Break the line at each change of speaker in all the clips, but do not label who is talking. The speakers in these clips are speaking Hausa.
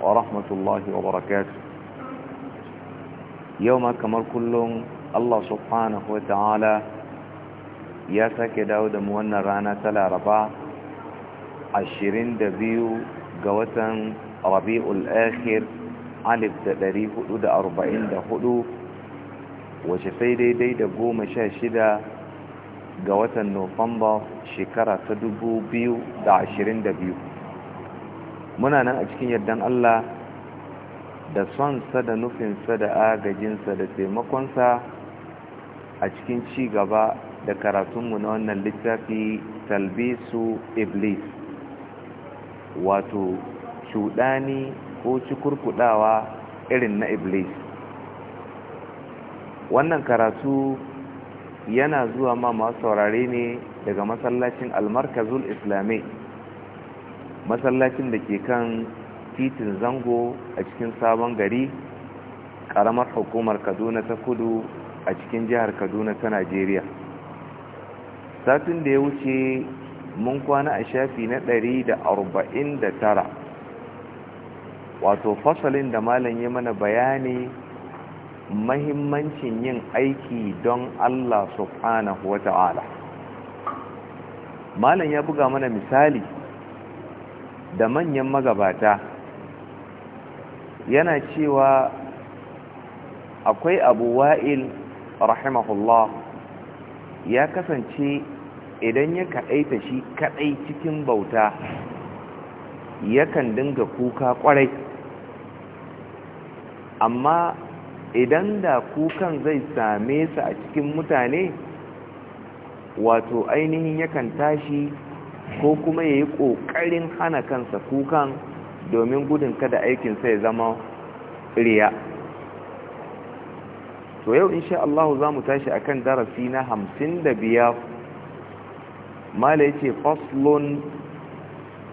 ورحمة الله وبركاته يوم كمر كلهم الله سبحانه وتعالى ya sake dawo da mu wannan rana ta laraba 22 ga watan rabi'ul akhir alif da 444 wace sai daidai da goma sha shida ga watan nofamba shekara ta dubu 2022 muna nan a cikin yardan Allah da son sa da nufinsa da agajinsa da taimakonsa a cikin ci gaba da karatunmu na wannan littafi talbisu iblis wato cuɗani ko cikurkudawa irin na iblis wannan karatu yana zuwa ma masu saurare ne daga masallacin almarkazul islami masallacin da ke kan titin zango a cikin sabon gari karamar hukumar kaduna ta kudu a cikin jihar kaduna ta najeriya satin da ya wuce mun kwana a shafi na ɗari da arba'in da tara wato fasalin da malam ya mana bayani mahimmancin yin aiki don allah subhanahu wa ta'ala malam ya buga mana misali da manyan magabata yana cewa akwai abu wa'il rahimahullah ya kasance idan ya kaɗaita shi kaɗai cikin bauta yakan dinga kuka ƙwarai amma idan da kukan zai same su a cikin mutane wato ainihin yakan tashi ko kuma ya yi ƙoƙarin hana kansa kukan domin gudun kada aikinsa ya zama riya to yau insha Allah za mu tashi kan darasi na hamsin da biyar mala ya ce faslon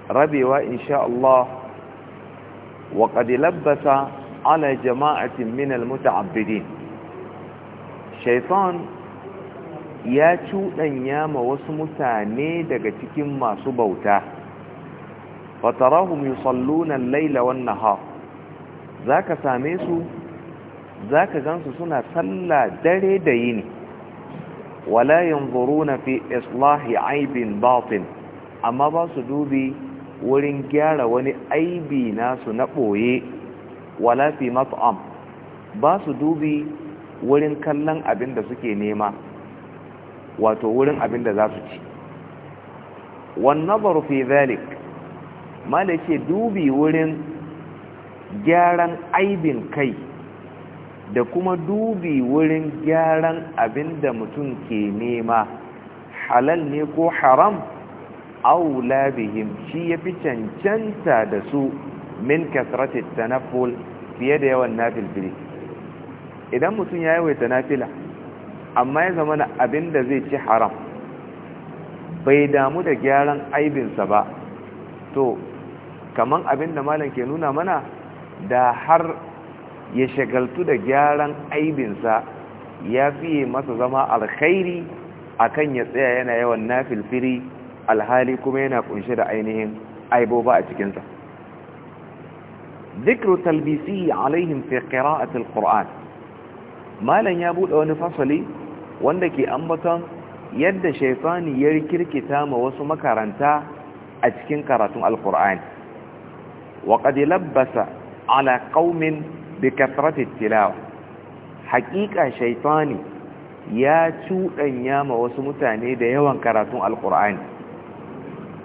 rabewa insha Allah wa labbasa ala jama'atin minal muta'abbidin shaitan ya cuɗanya ma wasu mutane daga cikin masu bauta fatarahum yusalluna al-laila ha Za ka same su Za zaka gansu suna sallah dare da yini wala na fi islahi aibin batin amma ba su dubi wurin gyara wani aibi nasu na ɓoye wala fi mat'am ba su dubi wurin kallon abin da suke nema wato wurin abin da za su ci wannabar fi zalik malake dubi wurin gyaran aibin kai da kuma dubi wurin gyaran abin da mutum ke nema halal ne ko haram Au Labihim shi ya fi cancanta da su min kasratit tanaful fiye da yawan nafil idan mutum ya yawaita nafila amma ya zama na abin da zai ci haram bai damu da gyaran aibinsa ba to kaman abin da malam ke nuna mana da har ya shagaltu da gyaran aibinsa ya fiye masa zama alkhairi akan ya tsaya yana yawan nafilfiri alhali kuma yana kunshe da ainihin aiboba a cikinsa ذكر تلبيسي عليهم في قراءة القرآن malam ya buɗe wani fasali wanda ke ambaton yadda shaifani ya kirkita ma wasu makaranta a cikin karatun alkur'ani wa labbasa ala qaumin bi kathrati tilawa haƙiƙa shaifani ya cuɗanya ma wasu mutane da yawan karatun Alƙur'ani,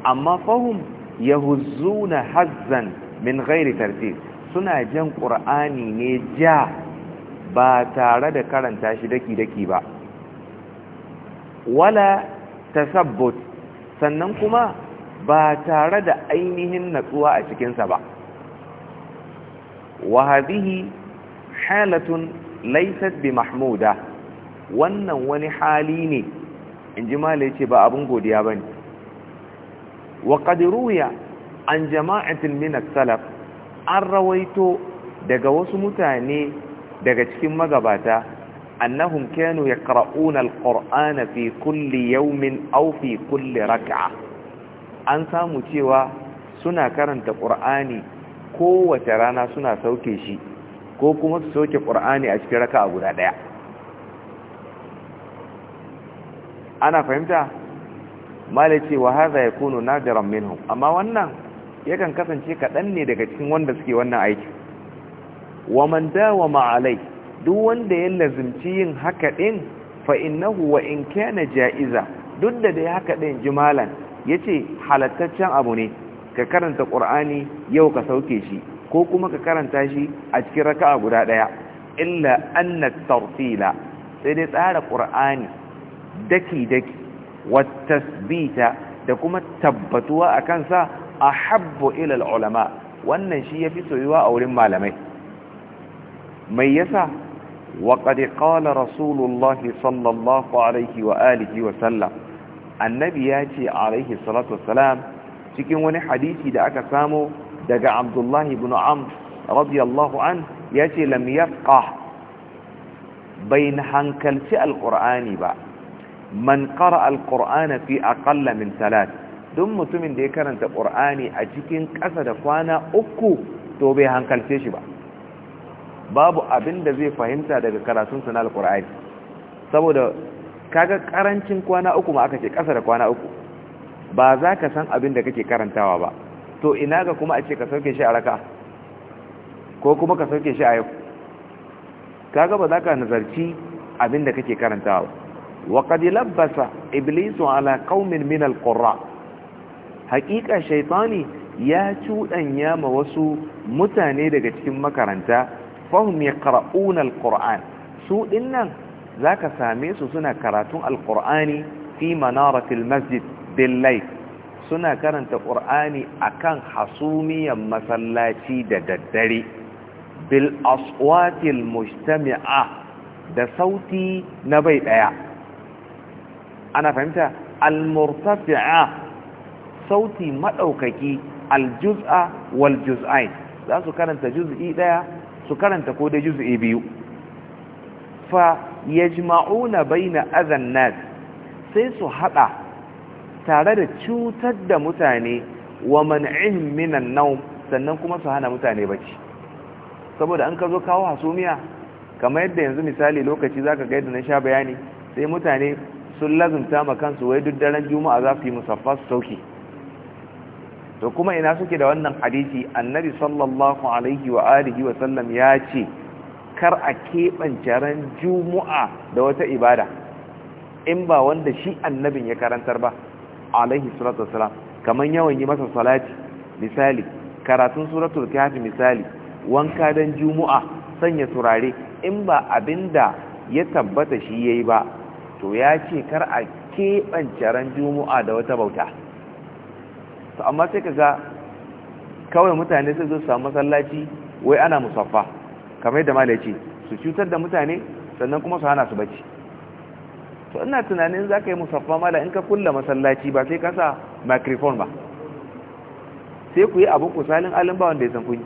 amma fahum yahuzzuna hazzan min ghairi tartib suna jan ƙur'ani ne ja ba tare da karanta shi daki daki ba wala tasabbut sannan kuma ba tare da ainihin natsuwa a cikinsa ba wa hadhihi halatun laysat bi mahmuda wannan wani hali ne inji malai yace ba abun godiya bane wa qad ruya an jama'atin min as-salaf an rawaito daga wasu mutane daga cikin magabata أنهم كانوا يقرؤون القرآن في كل يوم أو في كل ركعة أن سامو تيوى سنة كرنت قرآني كوة رانا سنة سوكيشي كوكما سوكي قرآني أشكرك أبو دايا أنا فهمتها mala ce wa haza ya kuno nadiran minhum amma wannan yakan kasance kaɗan ne daga cikin wanda suke wannan aiki wa man dawama alai duk wanda ya lazimci yin haka ɗin fa'inahu innahu wa in jaiza duk da ya haka din jimalan ce halattaccen abu ne ka karanta Kur'ani yau ka sauke shi ko kuma ka karanta shi a cikin raka'a guda ɗaya, illa anna tartila sai dai tsara ƙur'ani, daki daki wa bita, da kuma tabbatuwa a sa ahabbu Habbo al ulama wannan shi yafi soyuwa a wurin malamai mai yasa وقد قال رسول الله صلى الله عليه وآله وسلم النبي ياتي عليه الصلاة والسلام cikin wani hadisi da aka samu daga Abdullah ibn Amr radiyallahu an yace lam yafqah bain hankalci alqur'ani ba man qara alqur'ana fi aqalla min thalath duk mutumin da ya karanta qur'ani a cikin ƙasa da kwana uku to bai hankalce shi ba babu abin da zai fahimta daga karatunsa na alkur'ani saboda kaga karancin kwana uku ma aka ce ƙasa da kwana uku ba za ka san abin da kake karantawa ba to ina ga kuma a ce ka sauke shi a raka ko kuma ka sauke shi a yau kaga ba za ka nazarci abin da kake karantawa wa qad labbasa iblisu ala qaumin min alqurra haqiqa shaytani ya cudanya ma wasu mutane daga cikin makaranta fahim ya ƙara'un alƙura'an su ɗinnan za ka same su suna karatun alƙura'ani fi manaratul masjid billai suna karanta ƙura'ani a kan hasumiyar masallaci da daddare bil aswatil mujtami'a da sauti na bai ɗaya ana fahimta al-murtafi'a sauti maɗaukaki al-juz'a wal-juz'ain za su karanta juz'i ɗaya su karanta ko dai juz'i biyu fa yajma'una baina adhan nas sai su hada tare da cutar da mutane wa man'ihim minan nawm sannan kuma su hana mutane bacci saboda an ka zo kawo hasumiya kamar yadda yanzu misali lokaci zaka ga yadda na sha bayani sai mutane sun lazumta ma kansu wai duk daren juma'a za su yi musaffa su sauki to kuma ina suke da wannan hadisi annabi sallallahu alaihi wa alihi wa sallam ya ce kar a keɓance ran juma'a da wata ibada in ba wanda shi annabin ya karantar ba alaihi salatu wasalam kaman yawan yi masa salati misali karatun suratul kafi misali wanka dan juma'a sanya turare in ba abinda ya tabbata shi yayi ba to ya ce kar a keɓance ran juma'a da wata bauta to amma sai ka ga kawai mutane sai zo su samu masallaci wai ana musaffa kamar yadda malai ce su cutar da mutane sannan kuma su hana su bacci to ina tunanin za ka yi musaffa mala in ka kulla masallaci ba sai ka sa microphone ba sai ku yi abin kusalin alin ba wanda ya san kunyi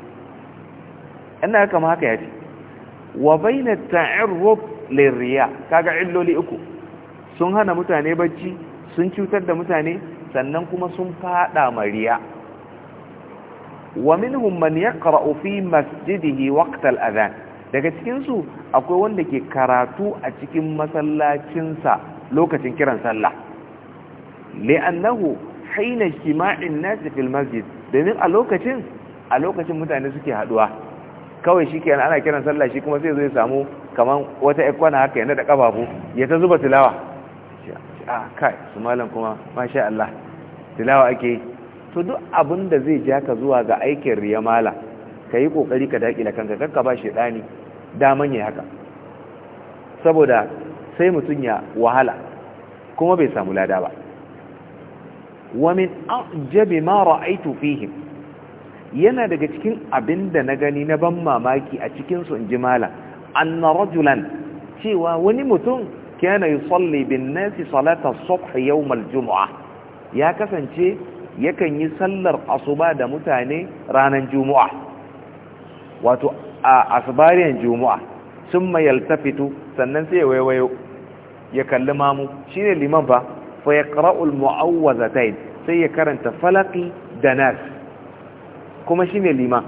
ina kama haka ya ce wa baina ta'arruf lirriya kaga illoli uku sun hana mutane bacci sun cutar da mutane sannan kuma sun fada mariya wa minhum man yaqra'u fi masjidihi waqt al-adhan daga cikin su akwai wanda ke karatu a cikin masallacinsa lokacin kiran sallah li'annahu hina ijtima'in nas al masjid domin a lokacin a lokacin mutane suke haduwa kawai shi shikenan ana kiran sallah shi kuma sai zai samu kaman wata ikwana haka yana da kafafu ya ta zuba tilawa a kai su malam kuma mashi Allah tilawa ake to duk abin da zai ja ka zuwa ga aikin riya mala ka yi kokari ka dakila kanka kanka ba shi dani daman ya haka saboda sai mutum ya wahala kuma bai samu lada ba wa min ajabi ma fihim yana daga cikin abinda na gani na ban mamaki a cikin su inji mala anna rajulan cewa wani mutum kana yusalli bin nasi salata subh yawm al-jum'ah ya kasance yakan yi sallar asuba da mutane ranar juma'a wato a asbariyan juma'a summa yaltafitu sannan sai waiwayo ya kalli mamu shine liman fa fa yaqra'u al-mu'awwazatayn sai ya karanta falaqi da nas kuma shine liman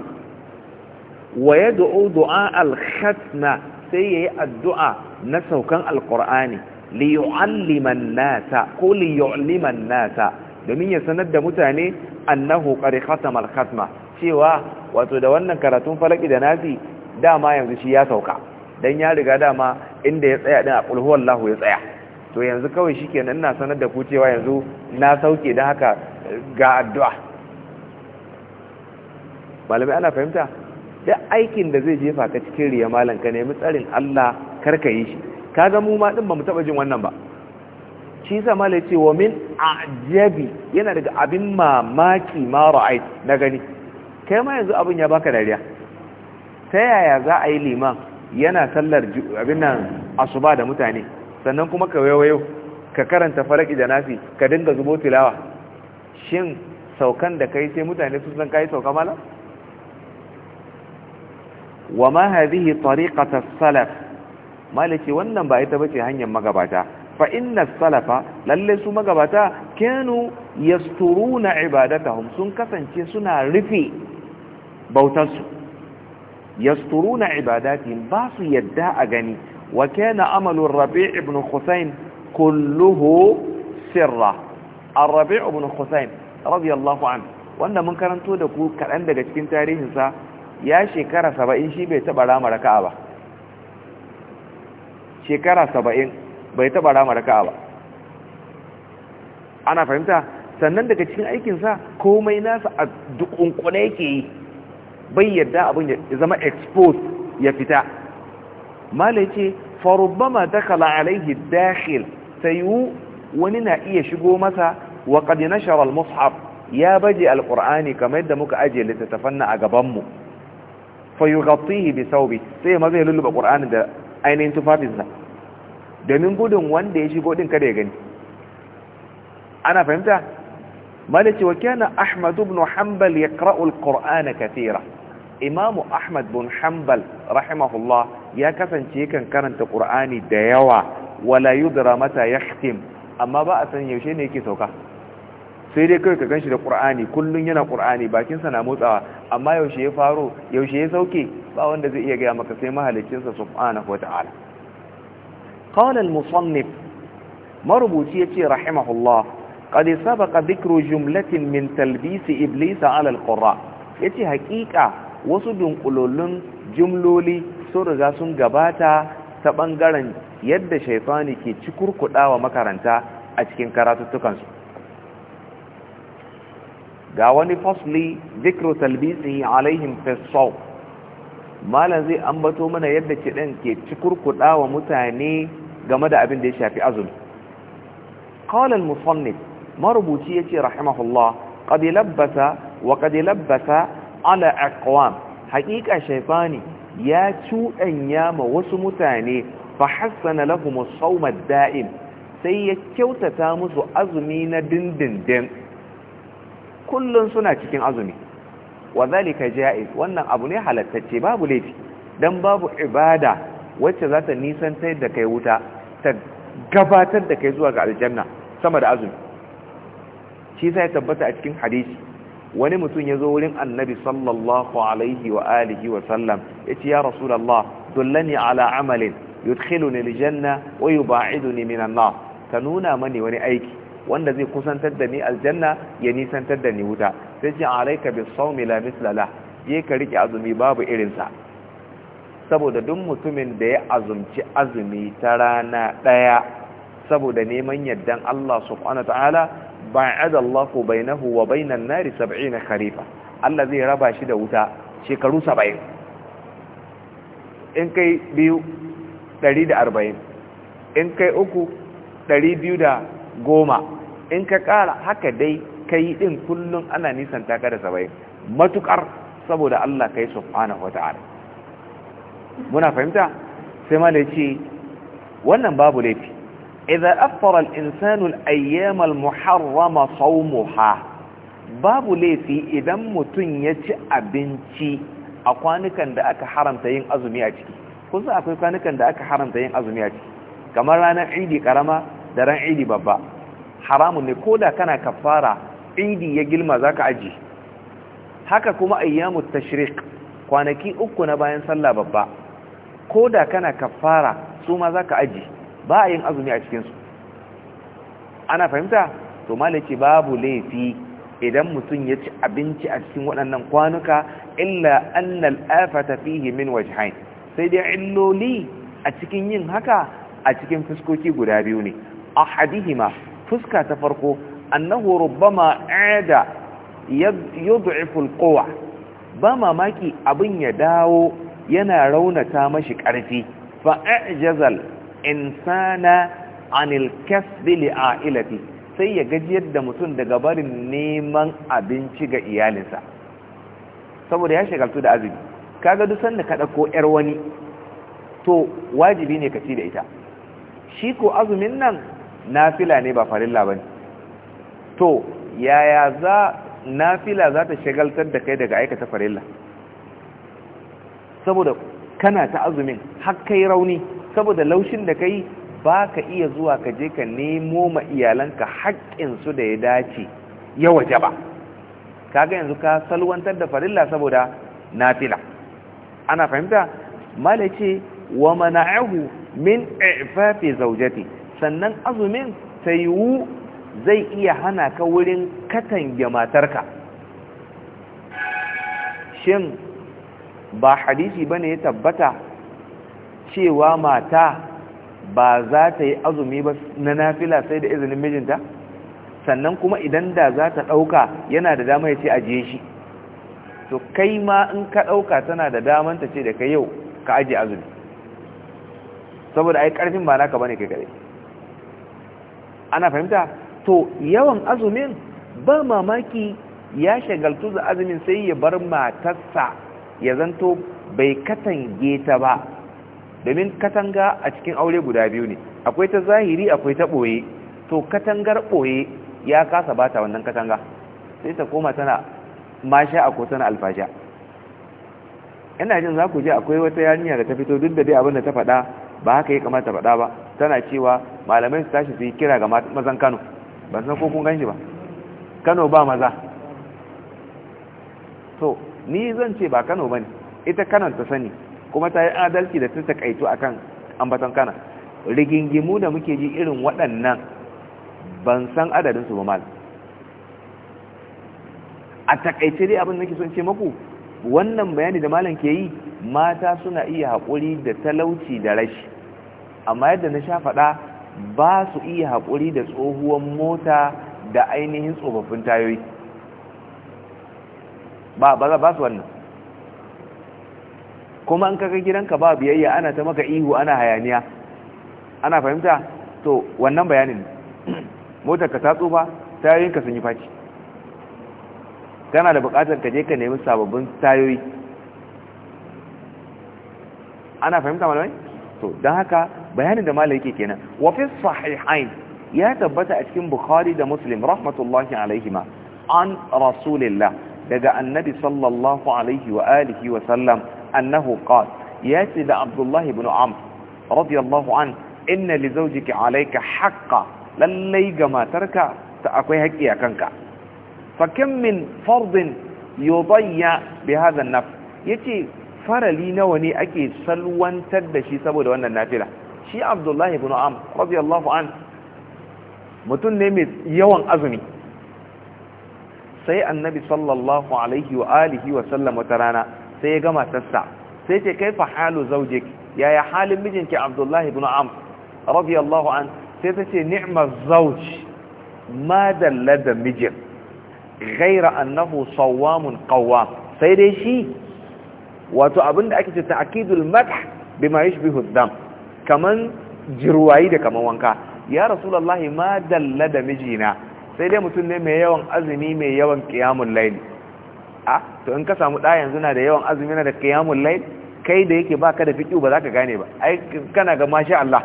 wa yad'u du'a al-khatna sai yayi addu'a na saukan alkur'ani li nasa ko li yu'liman nasa domin ya sanar da mutane annahu qari khatamal khatma cewa wato da wannan karatun falaki da nasi dama yanzu shi ya sauka dan ya riga dama inda ya tsaya din a qul huwallahu ya tsaya to yanzu kawai shikenan ina sanar da ku cewa yanzu na sauke da haka ga addu'a malamai ana fahimta duk aikin da zai jefa ka cikin riya malam ka nemi tsarin Allah karka yi shi kaga mu ma din ba mu taba jin wannan ba shi sa malai ce wa min ajabi yana daga abin mamaki ma ra'ayi na gani kai ma yanzu abin ya baka dariya ta yaya za a yi liman yana sallar abin nan asuba da mutane sannan kuma ka wayo ka karanta faraki da nafi ka dinga zubo tilawa shin saukan da kai sai mutane su san kai sauka mala wa ma hadhihi tariqatu salaf malaki wannan ba ita bace hanyar magabata fa inna salafa lalle su magabata kanu yasturuna ibadatahum sun kasance suna rufe su yasturuna ibadati ba su yadda a gani wa kana amalu rabi' ibn husayn kulluhu sirra ar-rabi' ibn husayn radiyallahu anhu wanda mun karanto da ku kaɗan daga cikin tarihinsa ya shekara saba'in shi bai taɓa rama raka'a ba shekara saba'in bai taɓa rama ka ba ana fahimta sannan daga cikin aikinsa komai nasa a dukunkune yake yi bai yadda abin ya zama expose ya fita mala ce farubbama dakala alaihi dakhil sayu wani na iya shigo masa wa qad nashara al-mushaf ya baje Alƙur'ani qurani kamar yadda muka ajiye littattafan na a gaban mu fayughatihi bi sai ma zai lulluba qur'ani da ainihin tufafinsa domin gudun wanda ya shigo din kada ya gani ana fahimta malice wa kana ahmad ibn hanbal yaqra'u alqur'ana kathira imamu ahmad bin hanbal rahimahullah ya kasance kan karanta ƙur'ani da yawa wala yudra mata yakhtim amma ba a san yaushe ne yake sauka sai dai kawai ka ganshi da qur'ani kullum yana ƙur'ani bakin sa na motsawa amma yaushe ya faro yaushe ya sauke ba wanda zai iya gaya maka sai mahalicinsa subhanahu wata'ala qala al-musannif marubuci yace rahimahullah qad sabaqa dhikru jumlatin min talbis iblis ala al-qurra yace haƙiƙa wasu dunkulolun jumloli sun riga sun gabata ta bangaren yadda shaytani ke cikurkudawa makaranta a cikin karatuttukansu ga wani fasli dhikru talbisi alaihim fi as malam zai ambato mana yadda kiɗan ke cikurkuɗa wa mutane game da abin da ya shafi azumi qala musannif marubuci yace rahimahullah qad labbasa wa qad labbasa ala aqwam haƙiƙa shaytani ya cuɗanya ma wasu mutane fa hassana lahum as daim sai ya kyautata musu azumi na dindindin Kullum suna cikin azumi wa zalika ja'iz wannan abu ne halattacce babu laifi dan babu ibada wacce za ta nisantar da kai wuta ta gabatar da kai zuwa ga aljanna sama da azumi shi sai tabbata a cikin hadisi wani mutum ya zo wurin annabi sallallahu alaihi wa alihi wa sallam ya ce ya rasulallah dullani ala amalin yudkhiluni aljanna wa yub'iduni minan nar ka nuna mani wani aiki wanda zai kusantar da ni aljanna ya nisantar da ni wuta sai ce alayka bis sawmi la mislala je ka rike azumi babu irin sa saboda duk mutumin da ya azumci azumi ta rana daya saboda neman yaddan Allah subhanahu wataala ba'ada Allahu bainahu wa bainan nari 70 kharifa Allah zai raba shi da wuta shekaru 70 in kai biyu 140 in kai uku ɗari biyu da goma in ka ƙara haka dai ka yi ɗin kullum ana nisan taka da sabai matuƙar saboda Allah ka yi subhanahu wa ta'ala muna fahimta sai ma da ce wannan babu laifi idan afara al’insanul ayyamal muharrama saumuha babu laifi idan mutum ya ci abinci a kwanukan da aka haramta yin azumi a ciki kusa akwai kwanukan da aka haramta yin azumi a ciki kamar ranar idi karama da ran idi babba haramun ne ko da kana kafara idi ya gilma za ka aji haka kuma ayyamu tashrik kwanaki uku na bayan sallah babba ko da kana kafara su ma za ka aji ba a yin azumi a cikinsu ana fahimta to malaki babu laifi idan mutum ya ci abinci a cikin waɗannan kwanuka illa annal afata fihi min wajhain sai dai illoli a cikin yin haka a cikin fuskoki guda biyu ne ahadihima fuska ta farko annahu rubbama ada yud'ifu alquwa ba mamaki abin ya dawo yana raunata mashi karfi fa ajazal insana anil kasbi li'ailati sai ya gajiyar da mutum daga barin neman abinci ga iyalinsa saboda ya shagaltu da azumi kaga duk sanda ka dauko yar wani to wajibi ne ka ci da ita shi ko azumin nan nafila ne ba farilla ba to yaya za nafila za ta shagaltar da kai daga aikata farilla saboda kana ta azumin har kai rauni saboda laushin da kai ba ka iya zuwa ka je ka nemo ma iyalanka haƙƙinsu da ya dace ya waje ba kaga yanzu ka salwantar da farilla saboda nafila ana fahimta malace wa mana'ahu min ifafi zaujati sannan azumin ta wu zai iya hana ka wurin katange matarka shin ba hadisi ba ne ya tabbata cewa mata ba za ta yi azumi ba na nafila sai da izinin mijinta sannan kuma idan da za ta ɗauka yana da dama ya ce ajiye shi to kai ma in ka ɗauka tana da damanta ce da ka yau ka ajiye azumi saboda ai ƙarfin ba naka bane kai kare ana fahimta to yawan azumin ba mamaki ya shagaltu da azumin sai ya bar matarsa ya zanto bai katange ta ba domin katanga a cikin aure guda biyu ne akwai ta zahiri akwai ta ɓoye to katangar ɓoye ya kasa ba ta wannan katanga sai ta koma tana masha a kotun alfasha ina jin za ku je akwai wata yarinya da ta fito duk da dai abin da ta faɗa ba haka ya kamata faɗa ba tana cewa malamai su tashi su yi kira ga mazan kano ba san ko kun ba kano ba maza to ni zan ce ba kano ba ne ita kanon ta sani kuma ta yi adalci da ta takaitu a kan ambaton kana rigingimu da muke ji irin waɗannan ban san adadinsu ba mal a takaice dai abin da nake son ce maku wannan bayani da malam ke yi mata suna iya haƙuri da talauci da rashi amma yadda na sha faɗa ba su iya haƙuri da tsohuwan mota da ainihin tsofaffin tayoyi ba ba ba su wannan kuma an kaga gidanka ba biyayya ana ta maka ihu ana hayaniya ana fahimta to wannan bayanin motar ka ta tsufa tayoyin ka sun yi faci kana da buƙatar ka je ka nemi sababbin tayoyi ana fahimta malamai to don haka bayanin da malai yake kenan wa fi sahihain ya tabbata a cikin bukhari da muslim rahmatullahi alaihima an rasulillah daga annabi sallallahu alaihi wa alihi wa sallam annahu qala yati da abdullahi ibn amr radiyallahu an inna li zawjiki alayka haqqan lallai ga matarka ta akwai haƙƙi a kanka fa kam min fardin yudayya bi hadha an-nafs yace farali nawa ne ake salwantar da shi saboda wannan nafila shi abdullahi ibn am radiyallahu an mutum ne mai yawan azumi sai annabi sallallahu alaihi wa alihi wa sallam wata rana sai ya gama tassa sai ce kaifa halu zaujik yaya halin mijinki abdullahi ibn am radiyallahu an sai ta ce ni'mar zauj ma dalla da mijin ghaira annahu sawamun qawwam sai dai shi wato abin da ake ce ta'kidul madh bima yashbihu dam kaman jirwayi da kaman wanka ya rasulullahi ma dalla da mijina sai dai mutum ne mai yawan azumi mai yawan qiyamul layl a to in ka samu da yanzu na da yawan azumi na da qiyamul layl kai da yake baka da fiki ba zaka gane ba ai kana ga masha Allah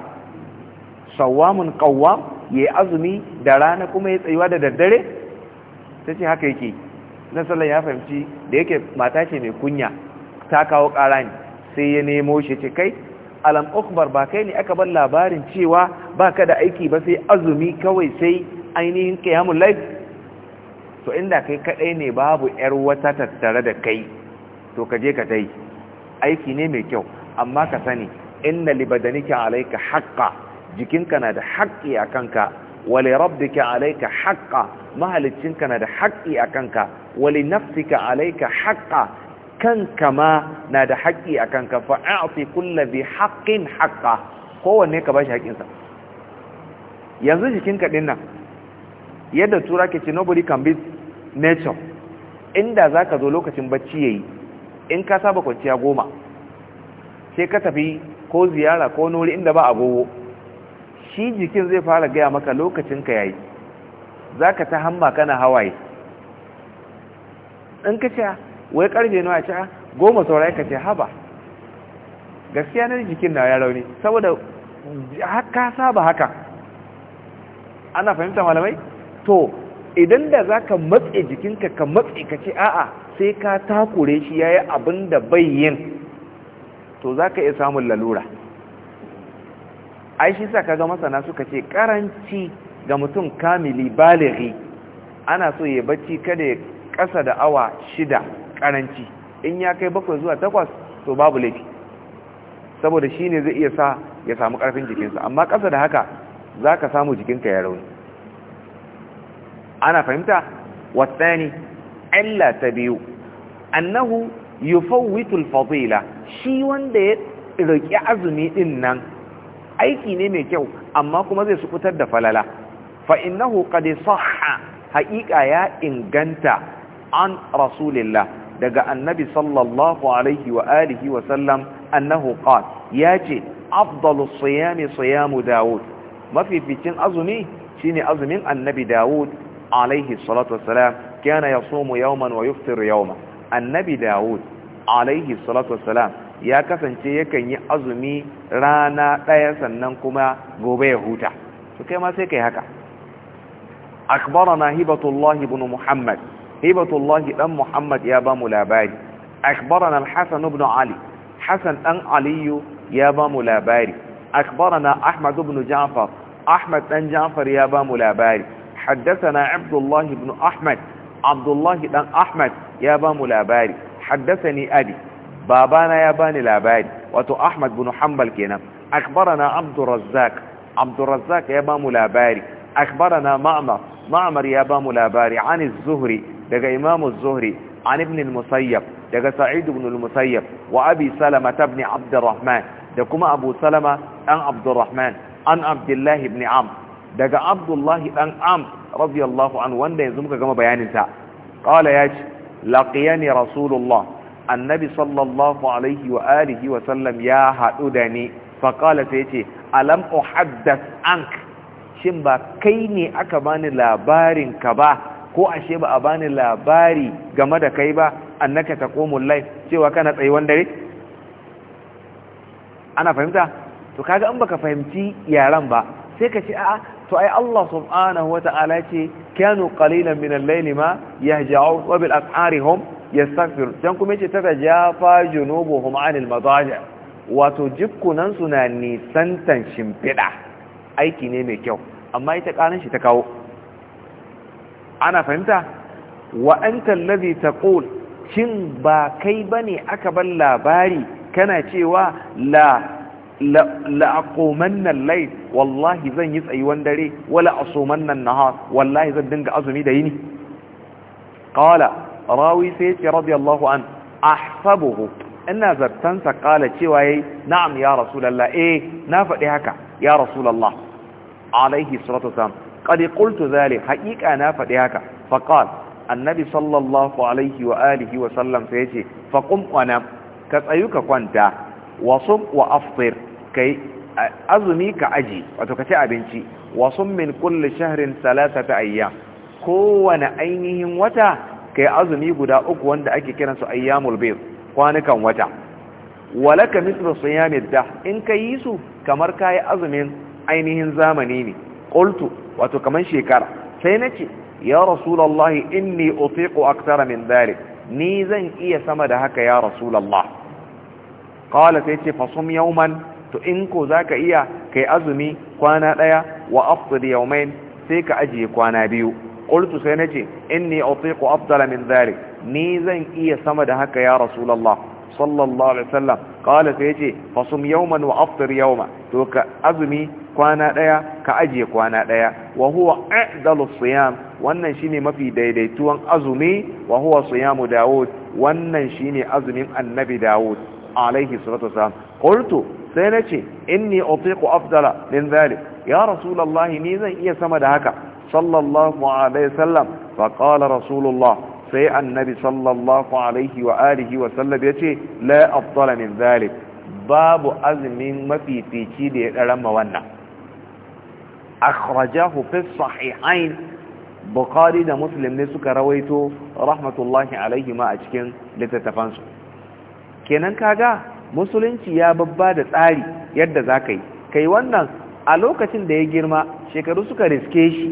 sawamun qawwam yayi azumi da rana kuma ya tsayuwa da daddare sai haka yake nan sallan ya fahimci da yake mata ce mai kunya ta kawo ƙara ne sai ya nemo shi ce kai alam ukhbar ba kai ne aka bar labarin cewa ba ka da aiki ba sai azumi kawai sai ainihin qiyamul layl to inda kai kadai ne babu yar wata tattare da kai to ka je ka dai aiki ne mai kyau amma ka sani inna libadanika alayka haƙƙa jikinka na da haƙƙi a kanka wali rabbika alayka haqqa ka na da haƙƙi a kanka wali nafsika alayka haƙƙa. Kan kama na da haƙƙi a kanka fi kulla bi haƙƙin haƙƙa kowanne ka ba shi haƙƙinsa yanzu jikinka kaɗin nan yadda tura ke ce nobody can be nature inda za ka zo lokacin bacci ya yi in ka saba kwanciya goma sai ka tafi ko ziyara ko nori inda ba agogo shi jikin zai fara gaya maka lokacinka ya yi za ka ta hamma kana hawaye in ka ce wai karfe nawa ce ah, goma saurayi ka ce haba gaskiya na jikin na ya rauni saboda haka saba haka ana fahimta malamai to idan da za ka matse jikinka ka matse ka ce a'a sai ka takure shi ya yi abin da bayyin to za ka iya samun lalura ai shi sa kaga masana suka ce karanci ga mutum kamili baligi ana so ya bacci kada ya kasa da awa shida karanci in ya kai bakwai zuwa takwas to babu laifi saboda shi ne zai iya sa ya samu ƙarfin jikinsa amma ƙasa da haka za ka samu jikinka ya rauni ana fahimta wasani illa ta biyu annahu yufawwitul fadila shi wanda ya roƙi azumi ɗin nan aiki ne mai kyau amma kuma zai sukutar da falala Fa'innahu innahu qad haƙiƙa ya inganta an rasulillah daga annabi sallallahu alaihi wa alihi wa sallam annahu qala yace afdalu siyami siyamu daud mafificin azumi shine azumin annabi daud alaihi salatu wassalam kana yasumu yawman wa yuftiru yawman annabi daud alaihi salatu wassalam ya kasance yakan yi azumi rana ɗaya sannan kuma gobe ya huta to kai ma sai kai haka akbarana hibatullah ibn muhammad hibatullahi dan muhammad ya bamu labari akhbarana al-hasan ibn ali hasan dan aliyu ya bamu labari akhbarana ahmad ibn ja'far ahmad dan ja'far ya bamu labari haddathana abdullah ibn ahmad abdullah dan ahmad ya bamu labari haddathani abi babana ya bani labari wato ahmad ibn hanbal kenan akhbarana abdur razzaq abdur razzaq ya bamu labari akhbarana ma'mar ma'mar ya bamu labari an az-zuhri daga imamu zuhri an ibn al-musayyab daga sa'id ibn al-musayyab wa abi salama ibn da kuma abu salama dan an abdullahi ibn am daga abdullahi dan am radiyallahu an wanda yanzu muka gama bayanin ta qala yaji laqiyani rasulullah annabi sallallahu alaihi wa alihi wa sallam ya hadu da ni fa qala sai yace alam uhaddath ank shin ba kai ne aka bani labarin ka ba ko ashe ba a bani labari game da kai ba annaka komo layl cewa kana tsayuwan dare ana fahimta to kaga in baka fahimci yaran ba sai ka ce a'a to ai Allah subhanahu wata'ala ce kanu qalilan min al-layli ma yahja'u wa bil asharihum yastaghfir dan kuma yace tatajafa junubuhum 'anil madaji wato jikkunan su na nisantan shimfida aiki ne mai kyau amma ita kanin shi ta kawo ana fahimta wa anta ta taqul shin ba kai ba ne aka ban labari kana cewa la la'aqumanna nan layl wallahi zan yi tsayuwan dare wala asoman nan na nahar wallahi zan dinga azumi da yini ƙala rawi sayyidi radiyallahu an ahsabuhu ina zartansa ƙala cewa yayi na'am ya rasulullah eh na faɗi haka ya rasulullah alaihi suratu sam. qad qultu zalik haqiqa na faɗi haka fa annabi sallallahu alaihi wa alihi wa sallam sai yace fa qum qana ka tsayu ka kwanta wa sum wa afṭir azumi ka aji wato ka ci abinci wa sum min kulli shahrin thalathata ayya. kowane ainihin wata kai azumi guda uku wanda ake kiran su ayyamul bayd kwanukan wata walaka mithlu siyamid dah in ka yi su kamar kai azumin ainihin zamani ne qultu wato kaman shekara sai nace ya rasulullahi inni utiqu akthara min dhalik ni zan iya sama da haka ya rasulullah qala sai ce fasum yawman to in ko zaka iya kai azumi kwana daya wa afṭir yawmayn sai ka ajiye kwana biyu qultu sai nace inni utiqu afdala min dhalik ni zan iya sama da haka ya rasulullah sallallahu alaihi wasallam qala sai ce fasum yawman wa afṭir yawma to ka azumi kwana ɗaya, ka ajiye kwana daya wa huwa afdalu siyam wannan shine mafi daidaituwan azumi wa huwa siyamu daud wannan shine azumin annabi daud alaihi salatu wasalam qultu sai nace inni utiqu afdala min zalik ya rasulullahi ni zan iya sama da haka sallallahu alaihi wasallam fa qala rasulullah sai annabi sallallahu alaihi wa alihi wa sallam yace la afdala min zalik babu azumin mafifici da ya darama wannan akhrajahu fi sahihain bukhari da muslim ne suka rawaito rahmatullahi alaihi ma a cikin littattafansu kenan kaga musulunci ya babba da tsari yadda za yi kai wannan a lokacin da ya girma shekaru suka riske shi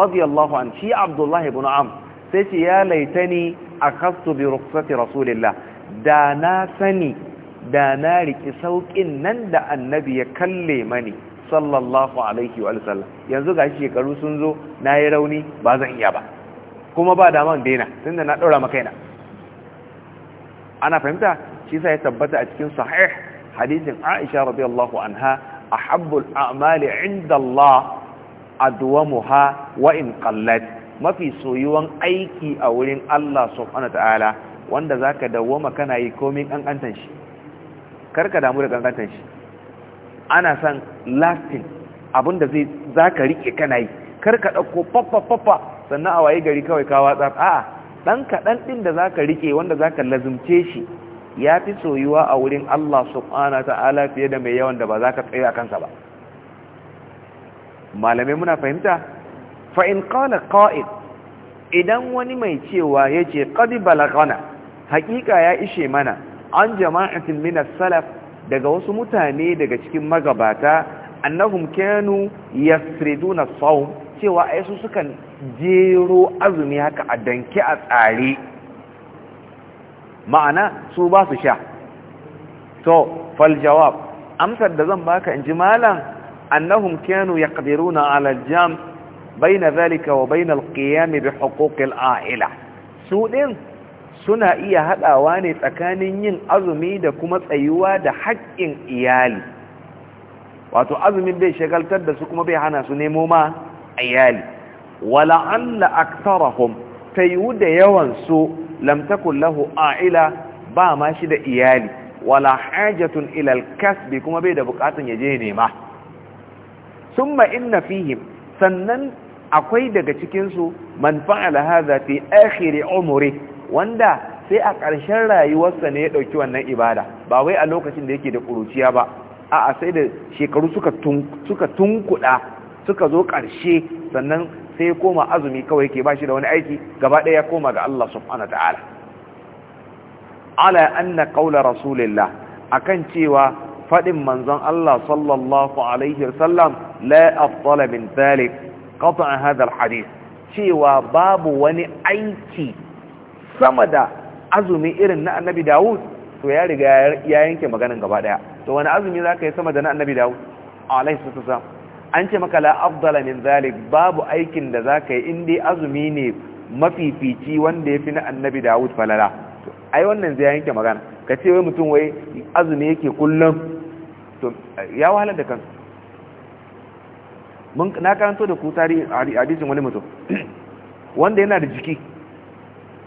radiyallahu an shi abdullahi ibn am sai ce ya laitani akhastu bi rukhsati rasulillah da na sani da na riki saukin nan da annabi ya kalle mani sallallahu alaihi wa sallam yanzu ga shekaru sun zo na yi rauni ba zan iya ba kuma ba daman daina tunda na ɗaura makaina ana fahimta shi sa ya tabbata a cikin sahih hadisin aisha radiyallahu anha a habbul a'mali inda Allah adwamuha wa in qallat mafi soyuwan aiki a wurin Allah subhanahu ta'ala wanda zaka dawwama kana yi komai kankantan shi karka damu da kankantan shi ana son lasting abinda zai za ka riƙe kana yi kar ka ɗauko faffa-faffa sannan a waye gari kawai kawa tsar a'a ɗan kaɗan ɗin da za ka riƙe wanda za ka lazumce shi ya fi soyuwa a wurin Allah subhana ta'ala fiye da mai yawan da ba za ka tsaye a kansa ba malamai muna fahimta in qala qa'id idan wani mai cewa yace qad balaghana haƙiƙa ya ishe mana an jama'atin as salaf daga wasu mutane daga cikin magabata annahum kanu yasriduna sawm cewa ai su sukan jero azumi haka a danke a tsare ma'ana su ba su sha to fal jawab amsar da zan baka inji malam annahum kanu yaqdiruna ala al-jam bayna dhalika wa bayna al-qiyam bi aila su din suna iya haɗawa ne tsakanin yin azumi da kuma tsayuwa da haƙƙin iyali wato azumin bai shagaltar da su kuma bai hana su nemo ma iyali wala'alla aktarahum ta yiwu da yawansu lamtakun lahu a'ila ba ma shi da iyali wala hajatun ilal kasbi kuma bai da bukatun ya je nema summa inna fihim sannan akwai daga cikinsu man fa'ala hadha fi akhir wanda sai a ƙarshen rayuwarsa ne ya ɗauki wannan ibada ba wai a lokacin da yake da ƙuruciya ba a a sai da shekaru suka tunkuɗa suka zo ƙarshe sannan sai ya koma azumi kawai ke ba shi da wani aiki gaba ɗaya ya koma ga Allah subhanahu ta'ala ala anna qawla rasulillah akan cewa faɗin manzon Allah sallallahu alaihi wasallam la afdala min thalik qata' hadha alhadith cewa babu wani aiki sama da azumi irin na annabi dawud to ya riga ya yanke maganin gaba daya to wani azumi za ka yi sama da na annabi dawud alaihi sallam an ce maka la afdala min zalik babu aikin da za ka yi in azumi ne mafifici wanda ya fi na annabi dawud falala ai wannan zai yanke magana ka ce wai mutum wai azumi yake kullum to ya wahalar da kansa na karanto da ku tarihi hadisin wani mutum wanda yana da jiki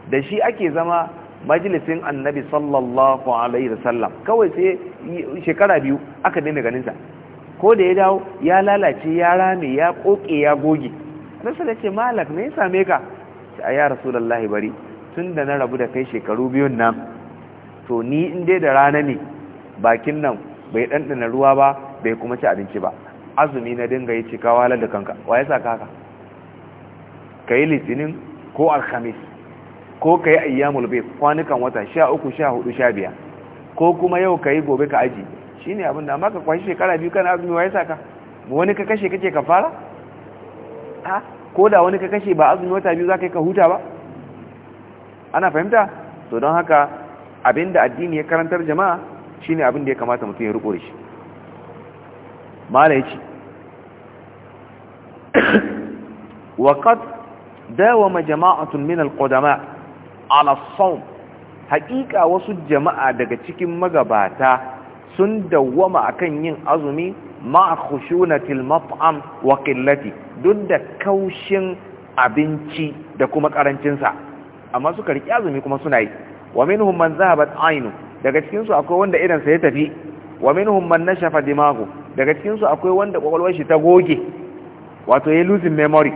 da shi ake zama majalisin annabi sallallahu alaihi wasallam kawai sai shekara biyu aka daina ganin sa. ko da ya dawo ya lalace ya rame ya koke ya goge nasa da ce malak me ya same ka sai ya rasulullahi bari tun da na rabu da kai shekaru biyun nan to ni in dai da rana ne bakin nan bai ɗanɗana ruwa ba bai kuma ci abinci ba azumi na dinga yi cikawa da kanka wa ya sa ka haka ka yi litinin ko alhamis ko ka yi ayyamul bai kwanukan wata sha uku sha hudu sha biya ko kuma yau ka yi gobe ka aji shi ne abin da amma ka kwashi shekara biyu kan azumi wa ya saka wani ka kashe kake ka fara ha ko da wani ka kashe ba azumi wata biyu za ka yi ka huta ba ana fahimta to don haka abin da addini ya karantar jama'a shi ne abin da ya kamata mutum ya riko da shi mala ya ce وقد داوم جماعة من القدماء ala saum haƙiƙa wasu jama'a daga cikin magabata sun dawwama kan yin azumi ma khushunatil mat'am wa qillati duk da kaushin abinci da kuma ƙarancinsa, sa amma suka riƙi azumi kuma suna yi wa minhum man zahabat aynu daga cikin akwai wanda idan sa ya tafi wa minhum man nashafa dimagu daga cikin su akwai wanda kwakwalwar shi ta goge wato ya losing memory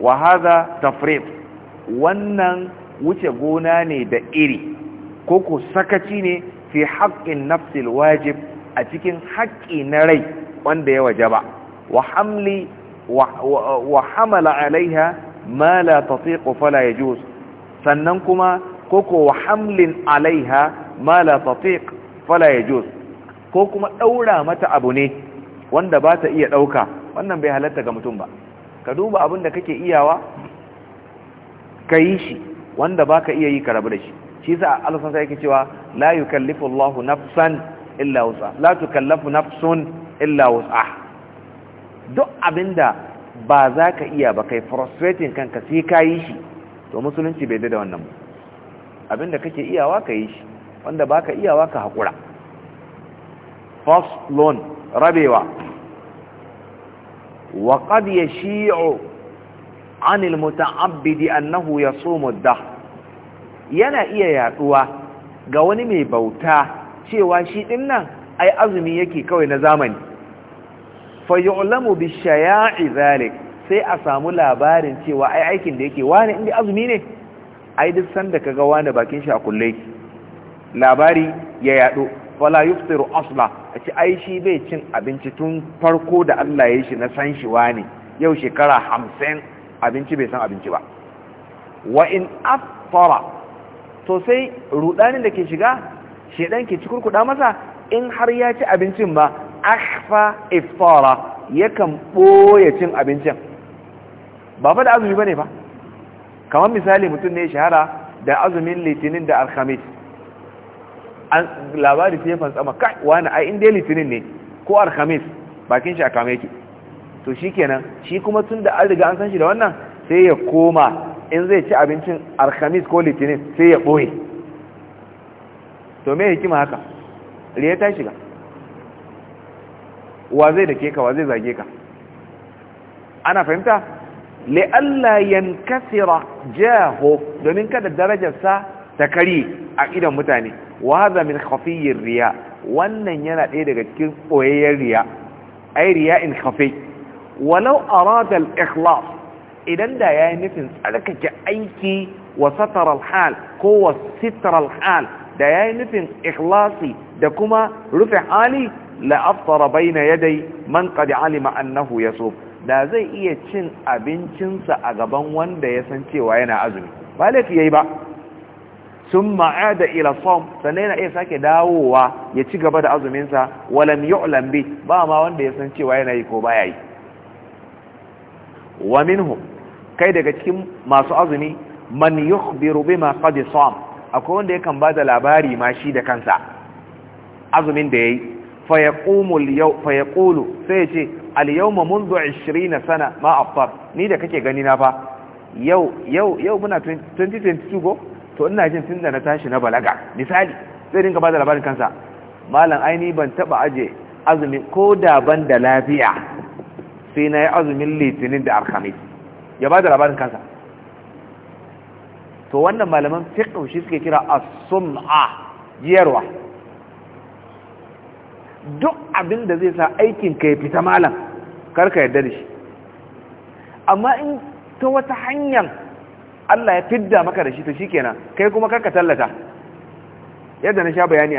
wa hadha tafriq wannan wuce gona ne da iri ko ko sakaci ne fi haƙƙin nafsil wajib a cikin haƙƙi na rai wanda ya waje ba? wa hamala alaiha ma la tatiqu fala yajuz sannan kuma koko wa hamlin alaiha ma la tatiq fala yajuz ko kuma daura mata abu ne wanda ba ta iya dauka wannan bai halatta ga mutum ba ka duba abin da kake iyawa ka yi shi wanda baka iya yi ka rabu da shi shi sa Allah sai yake cewa la yukallifu Allahu nafsan illa wus'a la tukallafu nafsun illa wus'a duk abinda ba za ka iya ba kai frustrating kanka sai ka yi shi to musulunci bai da wannan abinda kake iyawa ka yi shi wanda baka iyawa ka hakura loan rabewa wa qad yashi'u anil muta'abbidi annahu yasumu dah yana iya yaduwa ga wani mai bauta cewa shi nan ai azumi yake kawai na zamani fa yu'lamu bishaya'i zalik sai a samu labarin cewa ai aikin da yake wani inda azumi ne ai duk sanda kaga wani bakin shi a kulle labari ya yado wala yuftiru asla a ci ai shi bai cin abinci tun farko da Allah ya shi na san shi wani yau shekara hamsin abinci bai san abinci ba wa in afara to sai rudanin da ke shiga shedan ke cikurkuda masa in har ya ci abincin ba akhfa iftara yakan boye cin abincin ba fa da azumi bane ba kamar misali mutum ne shahara da azumin litinin da alhamis labari sai ya fantsama kai wani ai dai litinin ne ko alhamis bakin shi a ki? yake to kenan, shi kuma tun da an riga an san shi da wannan sai ya koma in zai ci abincin alhamis ko litinin sai ya ɓoye to me kima haka riya ta shiga wa zai da ka wa zai zage ka ana fahimta la'alla yankasira jaho domin kada darajarsa ta kari a idan mutane wa haza min khafiyir riya wannan yana ɗaya daga cikin koyayyen riya ai riya in khafi walau arada al-ikhlas idan da yayi nufin tsarkake aiki wa satar alhal ko wa sitar alhal hal da yayi nufin ikhlasi da kuma rufe hali la aftara baina yadai man qad alima annahu yasub da zai iya cin abincinsa a gaban wanda ya san cewa yana azumi ba laifi yayi ba sun ada ila som sannan yana iya sake dawowa ya ci gaba da azuminsa walam yu'lam bi ba ma wanda ya san cewa yana yi ko baya yi wa minhum kai daga cikin masu azumi man yukhbiru bima qad sam akwai wanda yakan bada labari ma shi da kansa azumin da yayi fa yaqumu al-yaw fa yaqulu sai yace al-yawma mundu 20 sana ma afar ni da kake gani na fa yau yau yau muna 2022 go to ina jin tunda na tashi na balaga misali sai dinka bada labarin kansa malam aini ban taba aje azumin ko daban da lafiya sai na yi azumin litinin da alhamis ya ba da labarin kansa to wannan malaman fiƙin shi suke kira as A yiyarwa duk abin da zai sa aikin ka ya fita malam karka yarda da shi amma in ta wata hanyar Allah ya fidda maka da shi to kenan kai kuma karka tallata yadda na sha bayani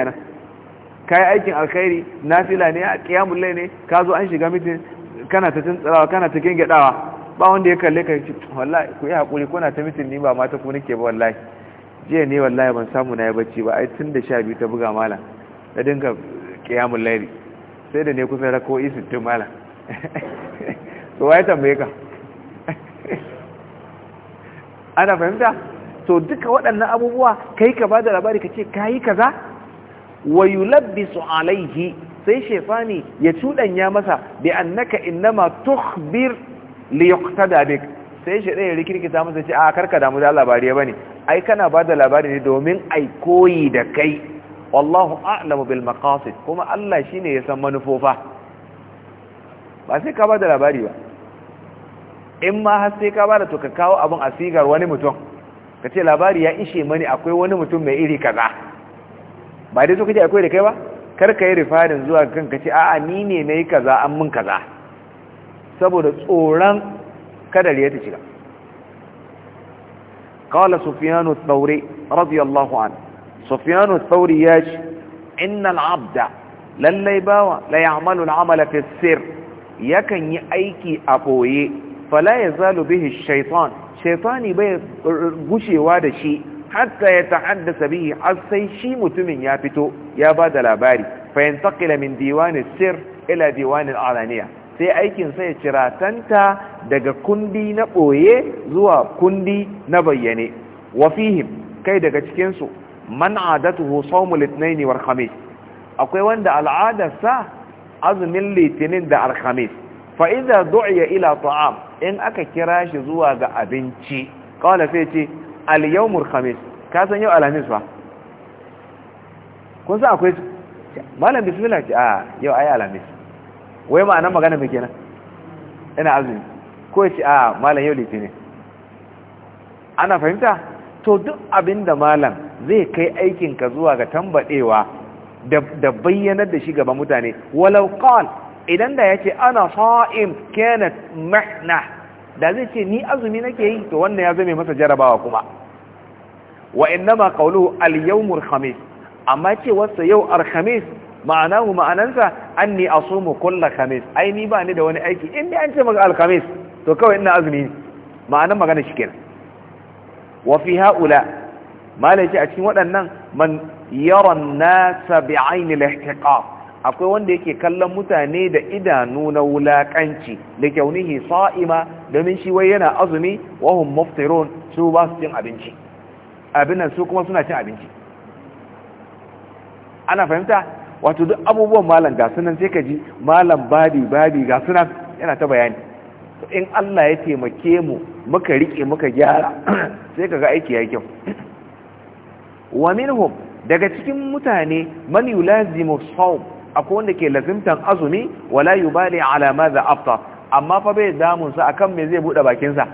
ka yi aikin alkhairi na fila ne a ƙiyamun lai ne ka zo an shiga mitin kana ta tsirawa kana ta gyadawa ba wanda ya kalle ka ce wallahi ku yi hakuri kuna ta mitin ni ba mata ku nake ba wallahi jiya ne wallahi ban samu na yi bacci ba ai tun da sha biyu ta buga mala na dinga kiyamun lairi sai da ne kusan rako'i tun mala to ya tambaye ka ana fahimta to duka waɗannan abubuwa kai ka ba da labari ka ce ka yi kaza wa yulabbisu alaihi sai shefani ya cuɗanya masa bi annaka innama tukhbir li yuqtada bik sai shi ɗaya rikirkita masa ce a ah, karka damu da labari bane ai kana bada labari ne domin ai koyi da kai wallahu a'lamu bil maqasid kuma Allah shine ya san manufofa ba sai ka bada labari ba in ma har sai ka bada to ka kawo abun asigar wani mutum kace labari ya ishe mani akwai wani mutum mai iri kaza ba dai so kace akwai da kai ba karka yi rifarin zuwa kanka ce a'a ni ne na yi kaza an mun kaza saboda tsoron kadar ya ta shiga kawala sufiyanu tsaure radiyallahu an sufiyanu tsauri ya ce innal abda lallai bawa la ya'malu al'amala fi sir yakan yi aiki a boye fala ya bihi Shaitan shaitani bai gushewa da shi hatta ya ta'addasa bihi har sai shi mutumin ya fito ya ba da labari fa yantaqila min diwani sir ila diwani alaniya sai aikin sai ciratanta daga kundi na boye zuwa kundi na bayyane wa fihim kai daga cikin su man adatuhu sawmul ithnain wal khamis akwai wanda al'adarsa azumin litinin da alkhamis fa idza du'iya ila ta'am in aka kira shi zuwa ga abinci qala sai ce al-yawmul khamis ka san yau alhamis ba kun san akwai malam bismillah ce a ah, yau ai alhamis wai ma'anar magana mai kenan ina azumi ko ce a ah, malam yau litinin ana fahimta to duk abinda malam zai kai aikin ka zuwa ga tambadewa da bayyanar da shi gaba mutane walau qal idan da yace ana sa'im kenan mahna da zai ce ni azumi nake yi to wannan ya zame masa jarabawa kuma wa innama qawluhu al-yawmul khamis amma ce wasa yau al-khamis ma'anahu ma'anansa anni asumu kullu khamis ai ni ba ni da wani aiki in dai an ce maka al-khamis to kawai ina azumi ma'anan magana shikenan wa fi haula malai a cikin waɗannan man yara an-nasa bi'ayn al akwai wanda yake kallon mutane da idanu na wulakanci da kyaunihi sa'ima domin shi wai yana azumi wa hum su ba su cin abinci abin su kuma suna cin abinci ana fahimta wato duk abubuwan malam ga sunan sai ka ji malam babi babi ga sunan yana ta bayani to in Allah ya taimake mu muka rike muka gyara sai ka ga aiki ya kyau wa minhum daga cikin mutane man yulazimu sawm akwai wanda ke lazimtan azumi wala yubali ala madha afta amma fa bai damun sa akan me zai bude bakin sa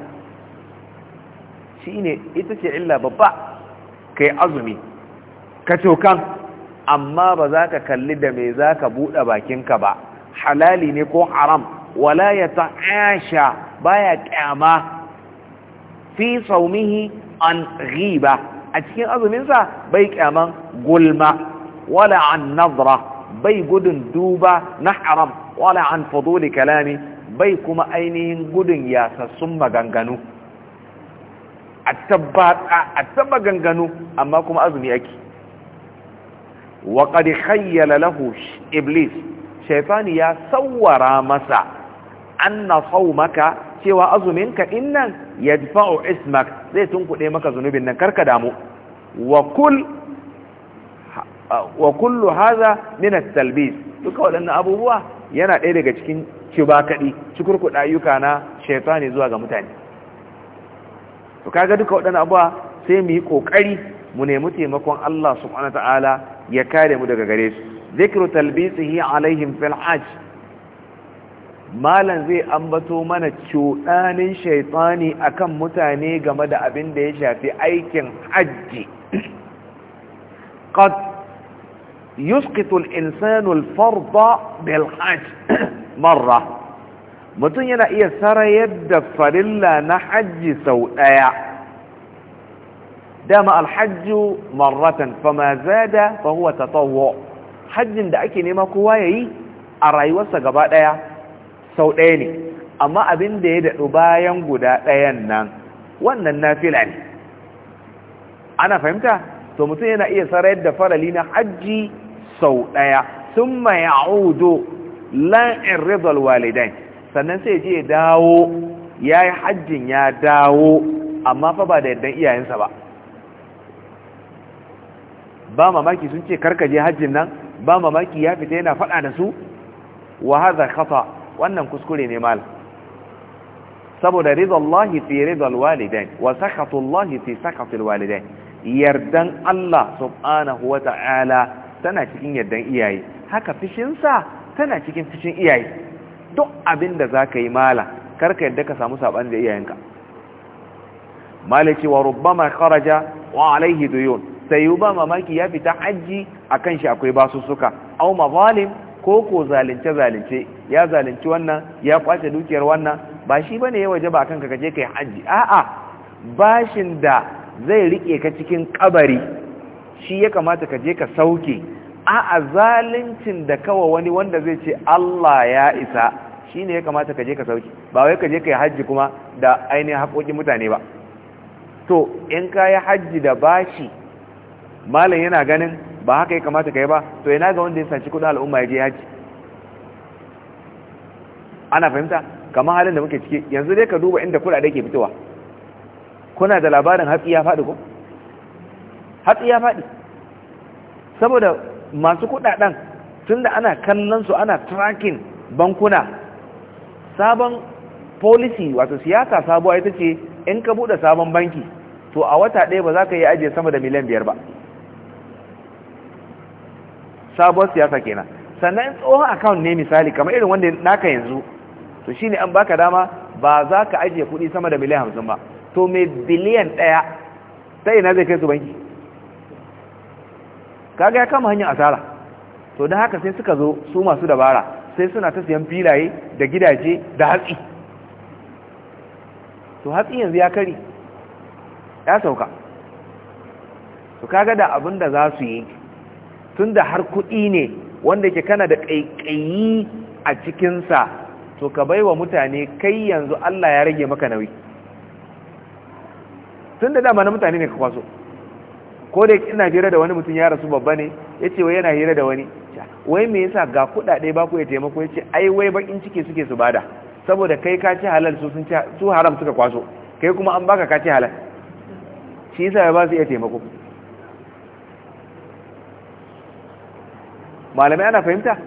shine ita ce illa babba kai azumi ka cokan amma ba za ka kalli da me za ka bude bakinka ba halali ne ko haram wala ya ta'asha baya kyama fi saumihi an ghiba a cikin azuminsa bai kyaman gulma wala an nazra bai gudun duba na haram wala an fuduli kalami bai kuma ainihin gudun yasassun maganganu a taba ganganu amma kuma azumi yake wa qad khayyala lahu iblis shaytani ya sawwara masa anna sawmaka cewa azuminka dinnan yadfa'u ismak zai tunkuɗe maka zunubin nan karka damu wa kul wa kullu haza min at-talbis duka waɗannan abubuwa yana ɗaya daga cikin cibakadi cikurkuɗa ayyuka na shaytani zuwa ga mutane to kaga duka waɗannan abuwa sai mu yi kokari mu nemi taimakon Allah subhanahu ta'ala ya kare mu daga gare su zikru talbisihi alaihim fil hajj malan zai ambato mana cuɗanin shaytani akan mutane game da abin da ya shafi aikin hajji qad يسقط الإنسان bil hajj marra mutum yana iya sarayar da farilla na hajji sau ɗaya dama alhajju marratan fama zada fa huwa tatawwu hajjin da ake nema kowa yayi a rayuwarsa gaba ɗaya sau ɗaya ne amma abin da ya daɗu bayan guda ɗayan nan wannan nafila ne ana fahimta to mutum yana iya sarayar da farali na hajji sau ɗaya sun mai audo lan'in rizal sannan sai je dawo ya yi hajjin ya dawo amma fa ba da yardan iyayensa ba ba mamaki sun ce karkaje hajjin nan ba mamaki ya fita yana faɗa da su wa haza kafa wannan kuskure ne mal saboda ridallahi fi ridal walidain wa sakatullahi fi sakatul walidain yardan Allah subhanahu wa ta'ala tana cikin yardan iyaye haka fishinsa tana cikin fishin iyaye duk abin da za ka yi mala karka yadda ka samu saɓan da iyayenka malaki wa rubbama kharaja wa alaihi duyun sai ba mamaki ya fita hajji akan shi akwai basussuka au mazalim ko ko zalince-zalince? ya zalunci wannan ya kwace dukiyar wannan ba shi ne ya waje ba akan ka kaje kai hajji a'a bashin da zai rike ka cikin kabari shi ya kamata ka je ka sauke a zalincin da kawa wani wanda zai ce Allah ya isa shi ne ya kamata ka je ka sauke. ba wai ka je ka yi hajji kuma da ainihin haƙoƙin mutane ba to in ka yi hajji da bashi malam yana ganin ba haka ya kamata ka yi ba to yana ga wanda ya sanci kudin al'umma ya je hajji ana fahimta kamar halin da muke ciki yanzu dai ka duba inda kuɗaɗe ke fitowa kuna da labarin hatsi ya faɗi ko hatsi ya faɗi saboda masu kudaden da ana kallon su ana tracking bankuna sabon policy wato siyasa sabuwa ita ce in ka bude sabon banki to a wata ɗaya ba za ka yi ajiye sama da miliyan biyar ba sabuwar siyasa kenan sannan tsohon account ne misali kamar irin wanda naka yanzu to shine an baka dama ba za ka ajiye kuɗi sama da miliyan hamsin ba to mai biliyan ɗaya ta ina zai kai su banki kaga ya kama hanyar asara to don haka sai suka zo su masu dabara sai suna ta siyan filaye da gidaje da hatsi to hatsi yanzu ya kari ya sauka to kaga da abin da za su yi tun da har kuɗi ne wanda ke kana da ƙaiƙayi a cikinsa to ka bai wa mutane kai yanzu Allah ya rage maka nauyi tun da dama na mutane ne ka kwaso ko da ina hira da wani mutum ya rasu babba ne ya ce wai yana hira da wani wai me yasa ga kuɗaɗe ba ku ya taimako ya ce ai wai bakin ciki suke su bada saboda kai ka ci halal su sun su haram suka kwaso kai kuma an baka ka ci halal shi yasa ba su iya taimako malamai ana fahimta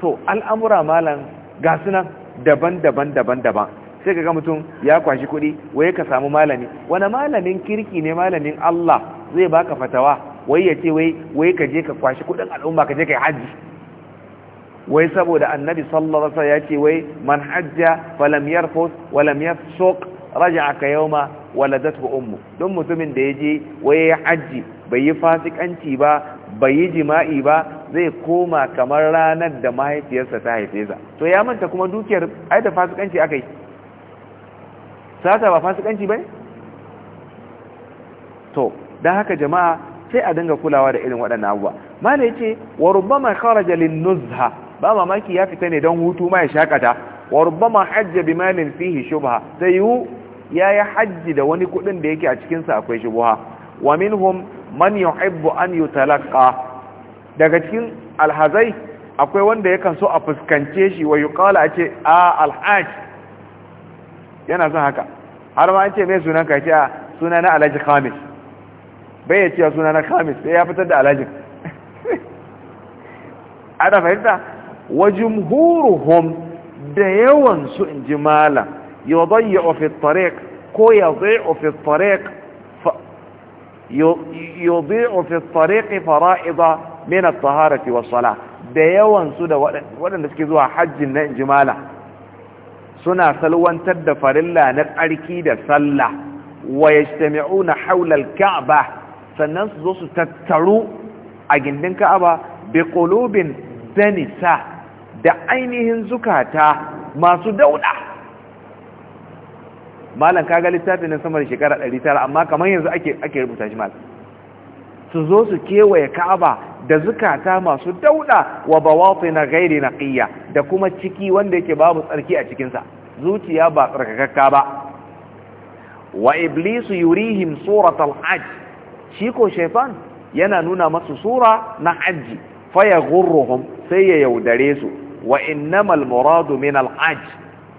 to al'amura malam ga sunan daban-daban daban-daban sai ga mutum ya kwashi kuɗi wai ka samu malami wani malamin kirki ne malamin Allah zai baka fatawa wai ya ce wai ka je ka kwashi kudin al'umma ka je ka yi hajji wai saboda annabi sallallahu alaihi ya ce wai man hajja falam yarfus walam yafsuq raja'a ka yawma waladatu ummu don mutumin da ya je wai ya hajji bai yi fasikanci ba bai yi jima'i ba zai koma kamar ranar da mahaifiyarsa ta haife sa to ya manta kuma dukiyar ai da fasikanci akai sata ba fasikanci bane to don haka jama'a sai a dinga kulawa da irin waɗannan abuwa mana ya ce wa rubama kharaja lin nuzha ba mamaki ya fita ne don hutu ma ya shakata wa rubama hajja bi malin fihi shubha sai yu ya yi hajji da wani kuɗin da yake a cikin sa akwai shubha wa minhum man yuhibbu an yutalaqa daga cikin alhazai akwai wanda yakan so a fuskance shi wa yuqala ce a alhaj yana son haka har ma an ce mai sunan ka ce a suna na alhaji khamis bai yace ce suna na kamis sai ya fitar da alhajin ana fahimta wa jumhuruhum da yawan su in malam yudayyu fi at tariq ko yudayyu fi at tariq yudayyu fi at tariq fara'ida min at-taharati was-salah da yawan su da wadanda suke zuwa hajjin na in malam suna salwantar da farilla na tsarki da sallah wa yajtami'una hawla al-ka'bah sannan su zo su tattaru a gindin ka'aba bi qulubin danisa da ainihin zukata masu dauda malam kaga littafin nan sama da shekara 900 amma kamar yanzu ake ake rubuta shi malam su zo su kewaye ka'aba da zukata masu dauda wa bawatina ghairi naqiya da kuma ciki wanda yake babu tsarki a cikin sa zuciya ba tsarkakakka ba wa iblisu yurihim suratul hajj shi ko yana nuna masu sura na hajji fa gurruhun, sai ya yaudare su wa innamal muradu min al hajj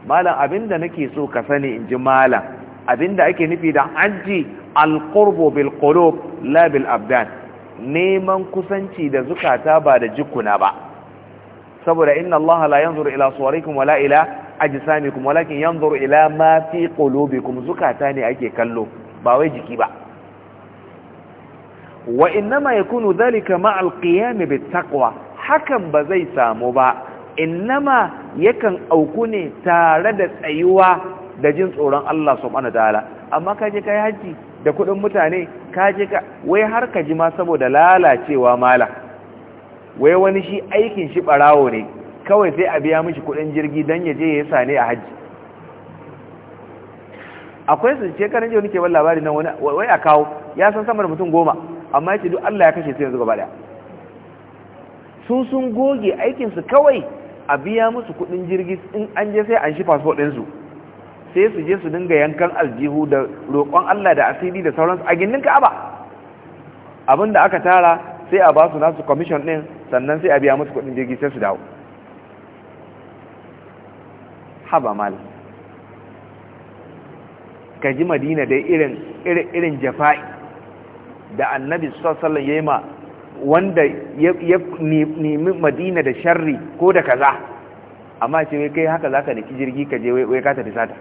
malam abinda nake so ka sani in ji malam abinda ake nufi da hajji al qurbu bil qulub la bil abdan neman kusanci da zukata ba da jikuna ba saboda inna allaha la yanzuru ila suwarikum wala ila ajsamikum walakin yanzuru ila ma fi qulubikum zukata ne ake kallo ba wai jiki ba wa innama yakunu dhalika ma'al qiyam bittaqwa hakan ba zai samu ba innama yakan auku ne tare da tsayuwa da jin tsoron Allah subhanahu ta'ala amma kaje kai haji da kudin mutane kaje ka wai har ka ji ma saboda lalacewa mala wai wani shi aikin shi barawo ne kawai sai a biya mishi kudin jirgi dan ya je ya sane a haji akwai su ce karin jiya nake wani labari nan wani wai a kawo ya san samar mutum goma amma ce duk Allah ya kashe su yanzu gaba daya su sun goge aikinsu kawai a biya musu kudin jirgi in an je sai an shi passport din su sai su je su dinga yankan aljihu da roƙon Allah da asiri da sauransu a gindin Ka'aba abinda aka tara sai a ba su nasu commission din sannan sai a biya musu kudin jirgi sai su dawo haba mal ka ji madina dai irin jafa'i da annabi sallallahu ya ma wanda ya nemi madina da sharri ko da kaza amma ce wai kai haka zaka niki jirgi ka je wai ka tafi sada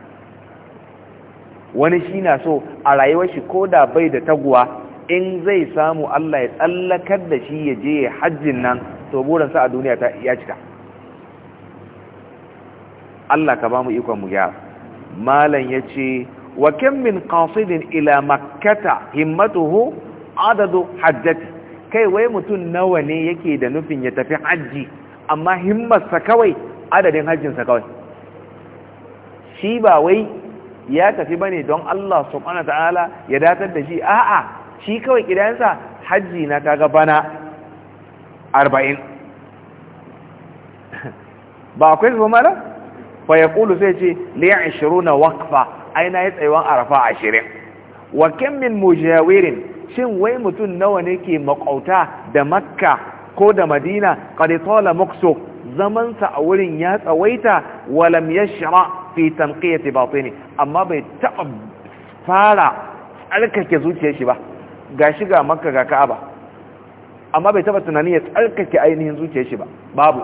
wani shi na so a rayuwar shi ko da bai da taguwa in zai samu Allah ya tsallakar da shi ya je hajjin nan to burinsa a duniya ta ya cika Allah ka ba mu ikon mu ya malam yace wa kam min qasidin ila makkata himmatuhu adadu hajjati kai wai mutum nawa ne yake da nufin ya tafi hajji amma himmarsa kawai adadin hajjinsa kawai shi ba wai ya tafi bane don Allah subhanahu ta'ala ya datar da shi a'a shi kawai kidansa hajji na kaga bana arba'in ba akwai su mara fa ya kulu sai ce liya ashiru na wakfa aina ya tsayuwan arafa ashirin wa min mujawirin shin wai mutum nawa ne ke makauta da makka ko da madina qaditola muksu zamansa a wurin ya tsawaita walam shira fi tanqiyati batini amma bai taɓa fara tsarkake zuciyar shi ba shi ga makka ga ka'aba amma bai taɓa tunani ya tsarkake ainihin zuciyar shi ba babu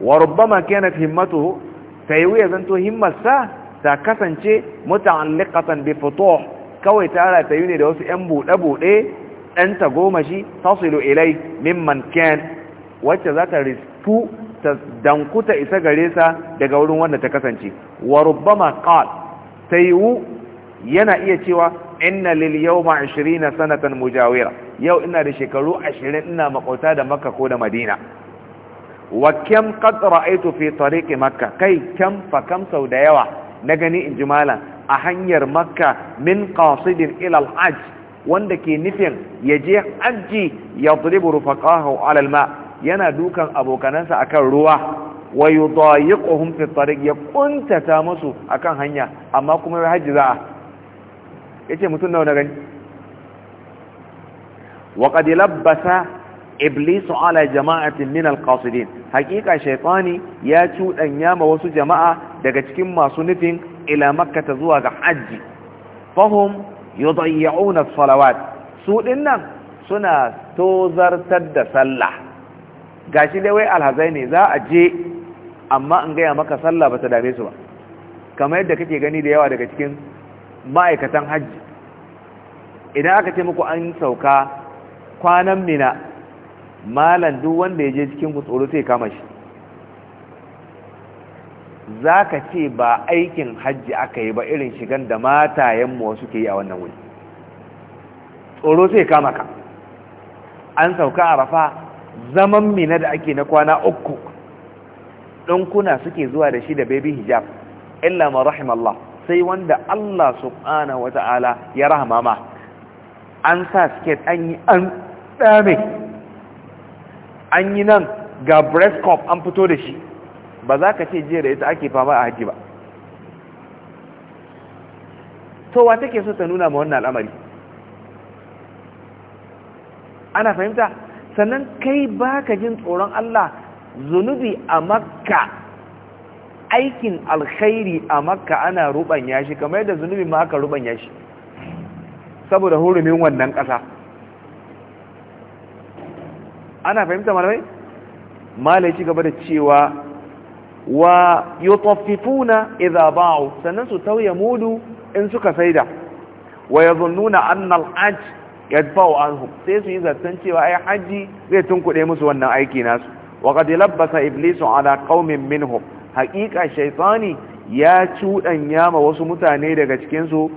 wa rubbama Himmatu, ta sai wuya zanto himmarsa ta kasance muta'alliqatan bi futuh kawai tara ta yi ne da wasu 'yan buɗe-buɗe ɗan tagomashi tasilu ilai mimman kyan wacce za ta risku ta dankuta isa gare sa daga wurin wanda ta kasance wa rubbama qal sayu yana iya cewa inna lil yawma 20 sanatan mujawira yau ina da shekaru 20 ina makauta da makka ko da madina wa kam qad ra'aytu fi tariqi makka kai kam fa kam sau da yawa na gani in ji malam a hanyar makka min qasidin ilal hajj wanda ke nufin ya je hajji ya duribu rufaqahu ala alalma yana dukan abokanansa akan ruwa wa yudayiquhum fi tariq ya kuntata musu akan hanya amma kuma hajji za a ce mutum nawa na gani wa labbasa iblisu ala jama'atin min alqasidin hakika shaytani ya cudanya ma wasu jama'a daga cikin masu nufin ila makkata zuwa ga hajji fahum yudayyuna salawat su dinnan suna tozartar da sallah gashi dai wai alhazai ne za a je amma an gaya maka sallah ba ta dame su ba kamar yadda kake gani da yawa daga cikin ma'aikatan hajji idan aka ce muku an sauka kwanan mina malan duk wanda ya je cikin ku tsoro sai kama shi za ka ce ba aikin hajji aka yi ba irin shigan da matayenmu wasu ke yi a wannan wuri tsoro sai kama ka an sauka a rafa zaman mina da ake na kwana uku ɗankuna suke zuwa da shi da baby hijab illa ma rahimallah sai wanda Allah subhanahu wata'ala ya rahama ma an sa sket an yi an dame an yi nan ga breast cup an fito da shi ba za ka ce jiya da ita ake fama a haji ba to wa take so ta nuna ma wannan al'amari ana fahimta sannan kai baka jin tsoron Allah zunubi a makka aikin alkhairi a makka ana ruban shi kamar yadda zunubi ma aka ruban shi saboda hurumin wannan ƙasa ana fahimta malamai malai ci gaba da cewa wa yutaffifuna idza ba'u sannan su tauye mudu in suka saida wa yadhunnuna anna al-hajj yadfa'u anhum sai su yi zaton cewa ai haji zai tunkuɗe musu wannan aiki nasu wa qad labbasa iblisu ala qaumin minhum haqiqa shaytani ya cuɗanya ma wasu mutane daga cikin su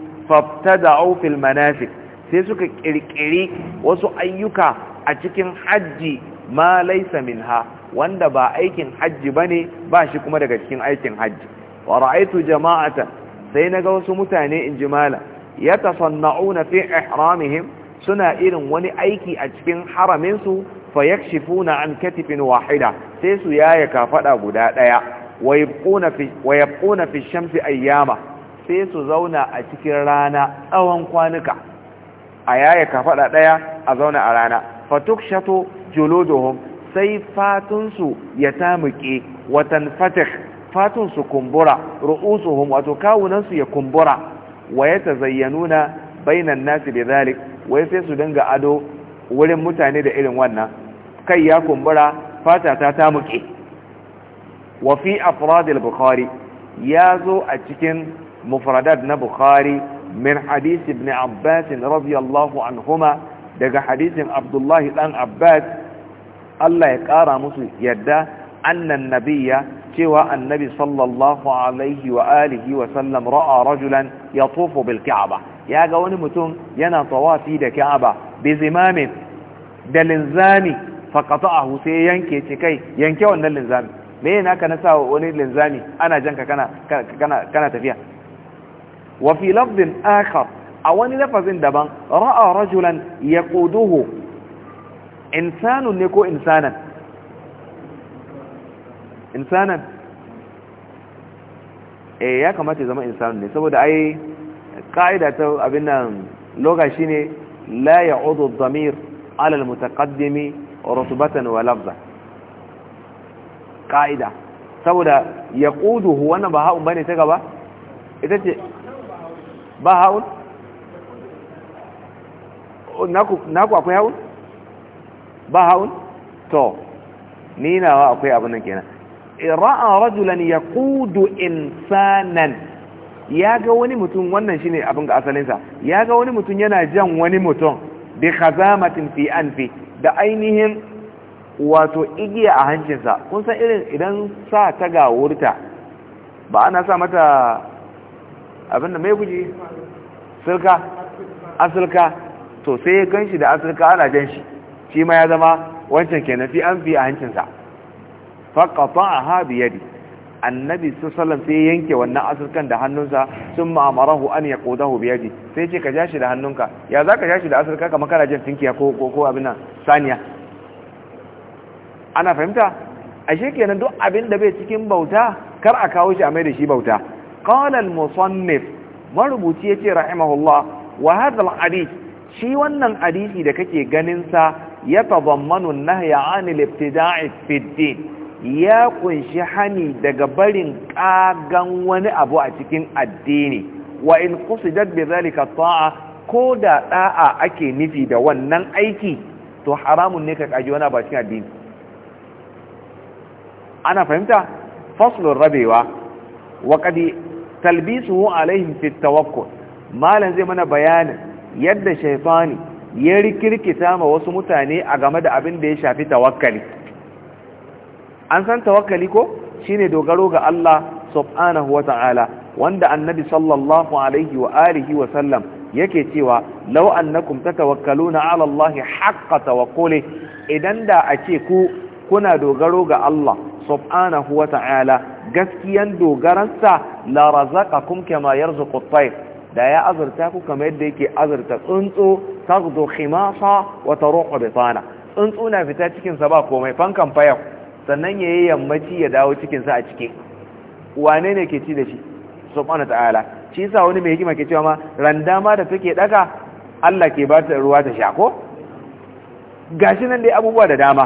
da fil manasik sai suka kirkiri wasu ayyuka a cikin haji ma laysa minha wanda ba aikin hajji bane ba shi kuma daga cikin aikin hajji wa ra'aytu jama'atan sai naga wasu mutane in jimala yatasanna'una fi ihramihim suna irin wani aiki a cikin haramin su fayakshifuna an katifin wahida sai su yaya kafada guda daya wayabquna fi fi shamsi ayyama sai su zauna a cikin rana tsawon kwanuka a yaya kafada daya a zauna a rana fatukshato juluduhum sai fatunsu ya tamuke watan fatih fatunsu kumbura ru'usuhum wato kawunansu ya kumbura wa ya tazayyanuna bainan nasi da zalik wai sai su dinga ado wurin mutane da irin wannan kai ya kumbura fata ta tamuke wa fi afradil bukhari ya zo a cikin mufradat na bukhari min hadisi ibn abbas radiyallahu anhuma daga hadisin abdullahi dan abbas Allah ya ƙara musu yadda annan nabiya cewa annabi sallallahu alaihi wa alihi wa sallam ra'a rajulan ya tofo bil ka'aba ya ga wani mutum yana tawafi da ka'aba bi zimamin da linzami faqata'ahu sai yanke ci kai yanke wannan linzami me yana ka na wani linzami ana janka kana kana kana tafiya wa fi lafdin akhar a wani lafazin daban ra'a rajulan yaquduhu insanun ne ko insanan insanan e ya kamata ya zama insanun ne saboda ai ka'ida ta abin nan loga shine la ya'udu zamir damir ala al-mutaqaddimi rutbatan wa lafza ka'ida saboda yaquduhu wannan ba ha'un bane ta gaba ita ce ba ha'un naku akwai ha'un ba haun to ni nawa akwai abin nan kenan ra'a rajulan yaqudu insanan yaga wani mutum wannan shine abin ga asalin sa yaga wani mutum yana jan wani mutum bi khazamatin fi anfi da ainihin wato igiya a hancinsa kun san irin idan sa ta ga wurta ba ana sa mata abin da mai guji silka asilka to sai ya ganshi da asilka ana jan shi shi ma ya zama wancan kenan fi an fi a hancinsa a haɗu yadi annabi salam sai yanke wannan asirkan da hannunsa sun ma'amarahu an ya ƙoda hu yadi sai ce ka ja shi da hannunka ya za ka ja shi da asirka kamar kana jan tinkiya ko ko abin saniya ana fahimta ashe kenan duk abin da bai cikin bauta kar a kawo shi a mai da shi bauta qala musannif marubuci yace rahimahullah wa hadha al hadith shi wannan hadisi da kake ganin sa yatadammanu an-nahya 'an nahya an ani ibtidai fi ad ya kunshi hani daga barin kagan wani abu a cikin addini wa in qusidat bi zalika ta'a ko da da'a ake nufi da wannan aiki to haramun ne ka kaji wani a cikin addini ana fahimta faslun rabewa wa kadi talbisuhu alaihim fi malam zai mana bayanin yadda shaifani ya rikirkita ma wasu mutane a game da abin da ya shafi tawakkali an san tawakkali ko shine dogaro ga Allah subhanahu wa ta'ala wanda annabi sallallahu alaihi wa alihi wa sallam yake cewa law annakum tatawakkaluna ala Allah haqqa tawakkuli idan da a ce ku kuna dogaro ga Allah subhanahu wa ta'ala gaskiyan dogaransa la razaqakum kama yarzuqu at-tayr da ya azurta ku kamar yadda yake azurta tsuntsu taghdu khimasa wa taruqu bitana tsuntsu na fita cikin sa ba komai fankan fayau sannan yayi yammaci ya dawo cikin sa a cike wane ne ke ci da shi subhanahu ta'ala shi yasa wani mai hikima ke cewa ma randa da take daka Allah ke ba ta ruwa ta sha ko gashi nan dai abubuwa da dama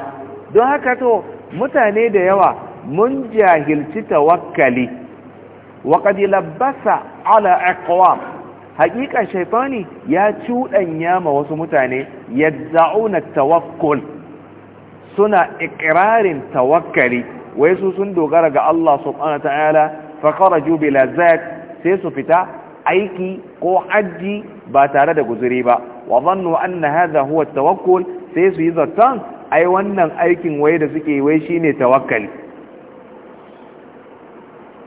don haka to mutane da yawa mun jahilci tawakkali وقد لبس على أقوام hakikan shaifani ya cuɗanya ma wasu mutane yadda'una tawakkul suna ikirarin tawakkali wai su sun dogara ga Allah subhanahu ta'ala fa kharaju sai su fita aiki ko hajji ba tare da guzuri ba wa dhannu anna hadha huwa tawakkul sai su yi zaton ai wannan aikin wai da suke wai shine tawakkali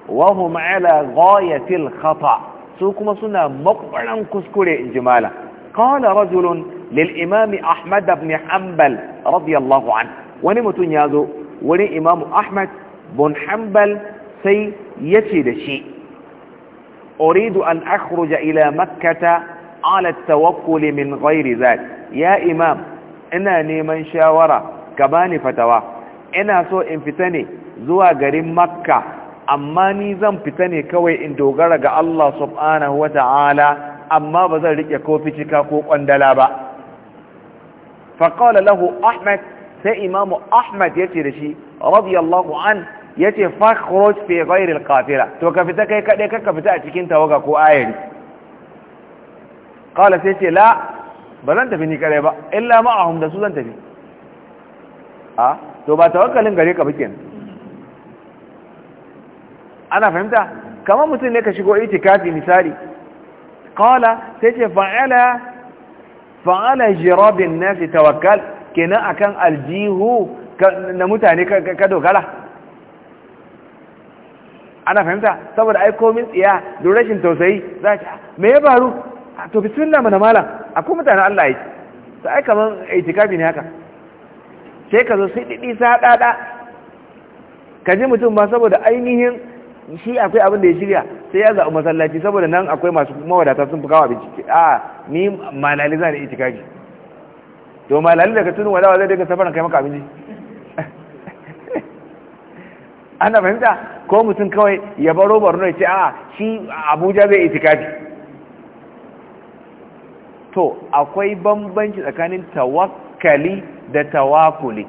wa hum ala ghayatil khata' su kuma suna makwaran kuskure in ji malam qala rajulun lil imami ahmad ibn hanbal radiyallahu an wani mutum ya zo wurin imamu ahmad bun hambal sai yace da shi oridu an akhruja ila makkata ala tawakkuli min ghairi zat ya imam ina neman shawara ka bani fatawa ina so in fita ne zuwa garin makka amma ni zan fita ne kawai in dogara ga Allah subhanahu wa ta'ala amma ba zan rike ko ficika ko ƙwandala ba faƙala lahu ahmad sai imamu ahmad ya ce da shi radiyallahu an ya ce fakhroj fi ghairil qafila to ka fita kai kar ka fita a cikin tawaga ko ayari qala sai ce la ba zan tafi ni kare ba illa ma'ahum da su zan tafi a to ba tawakkalin gare ka ba kenan ana fahimta kamar mutum ne ka shigo itikafi misali qala sai ce fa'ala fa'ala jirabin nasi tawakkal kenan akan aljihu na mutane ka dogara ana fahimta saboda ai komin tsiya don rashin tausayi za ta ah, me ya faru ah, to bismillah mana malam akwai mutane Allah ya ce sai kamar itikafi ne haka sai ka zo sai didi sa dada ka ji mutum ma saboda ainihin shi akwai abin da ya shirya sai ya zaɓi masallaci saboda nan akwai masu mawadata sun fi kawo abinci a ni malali za ni itikaki to malali daga tunin wadawa zai daga safarar kai maka abinci ana fahimta ko mutum kawai ya baro borno ya ce a shi abuja zai itikaki to akwai bambanci tsakanin tawakkali da tawakuli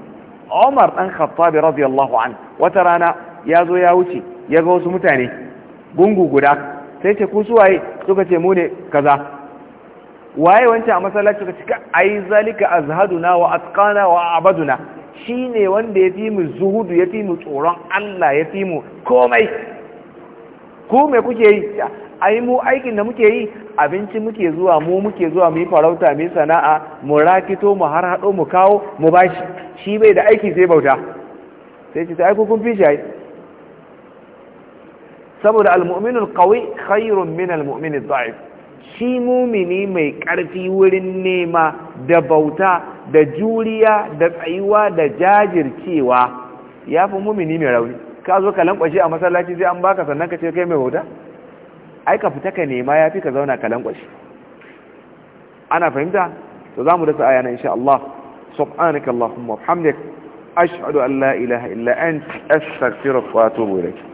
umar dan khattabi radiyallahu an wata rana ya zo ya wuce ya ga wasu mutane gungu guda sai ce ku waye suka ce mu kaza waye wancan a masallaci suka A ai zalika azhaduna wa atqana wa abaduna shine wanda ya fi mu zuhudu ya fi mu tsoron Allah ya fi mu komai ku me kuke yi ai mu aikin da muke yi abinci muke zuwa mu muke zuwa mu yi farauta mu sana'a mu rakito mu har hado mu kawo mu bashi shi bai da aiki sai bauta sai ce ta aiko kun fi shi saboda almu'minul qawi khairun min almu'minid da'if shi mumini mai ƙarfi wurin nema da bauta da juriya da tsayuwa da jajircewa ya fi mumini mai rauni ka zo ka lankwashe a masallaci sai an baka sannan ka ce kai mai bauta ai ka fita ka nema ya fi ka zauna ka lankwashe ana fahimta to za mu dasa aya na insha Allah subhanakallahumma wa bihamdik ashhadu an la ilaha illa anta astaghfiruka wa atubu ilayk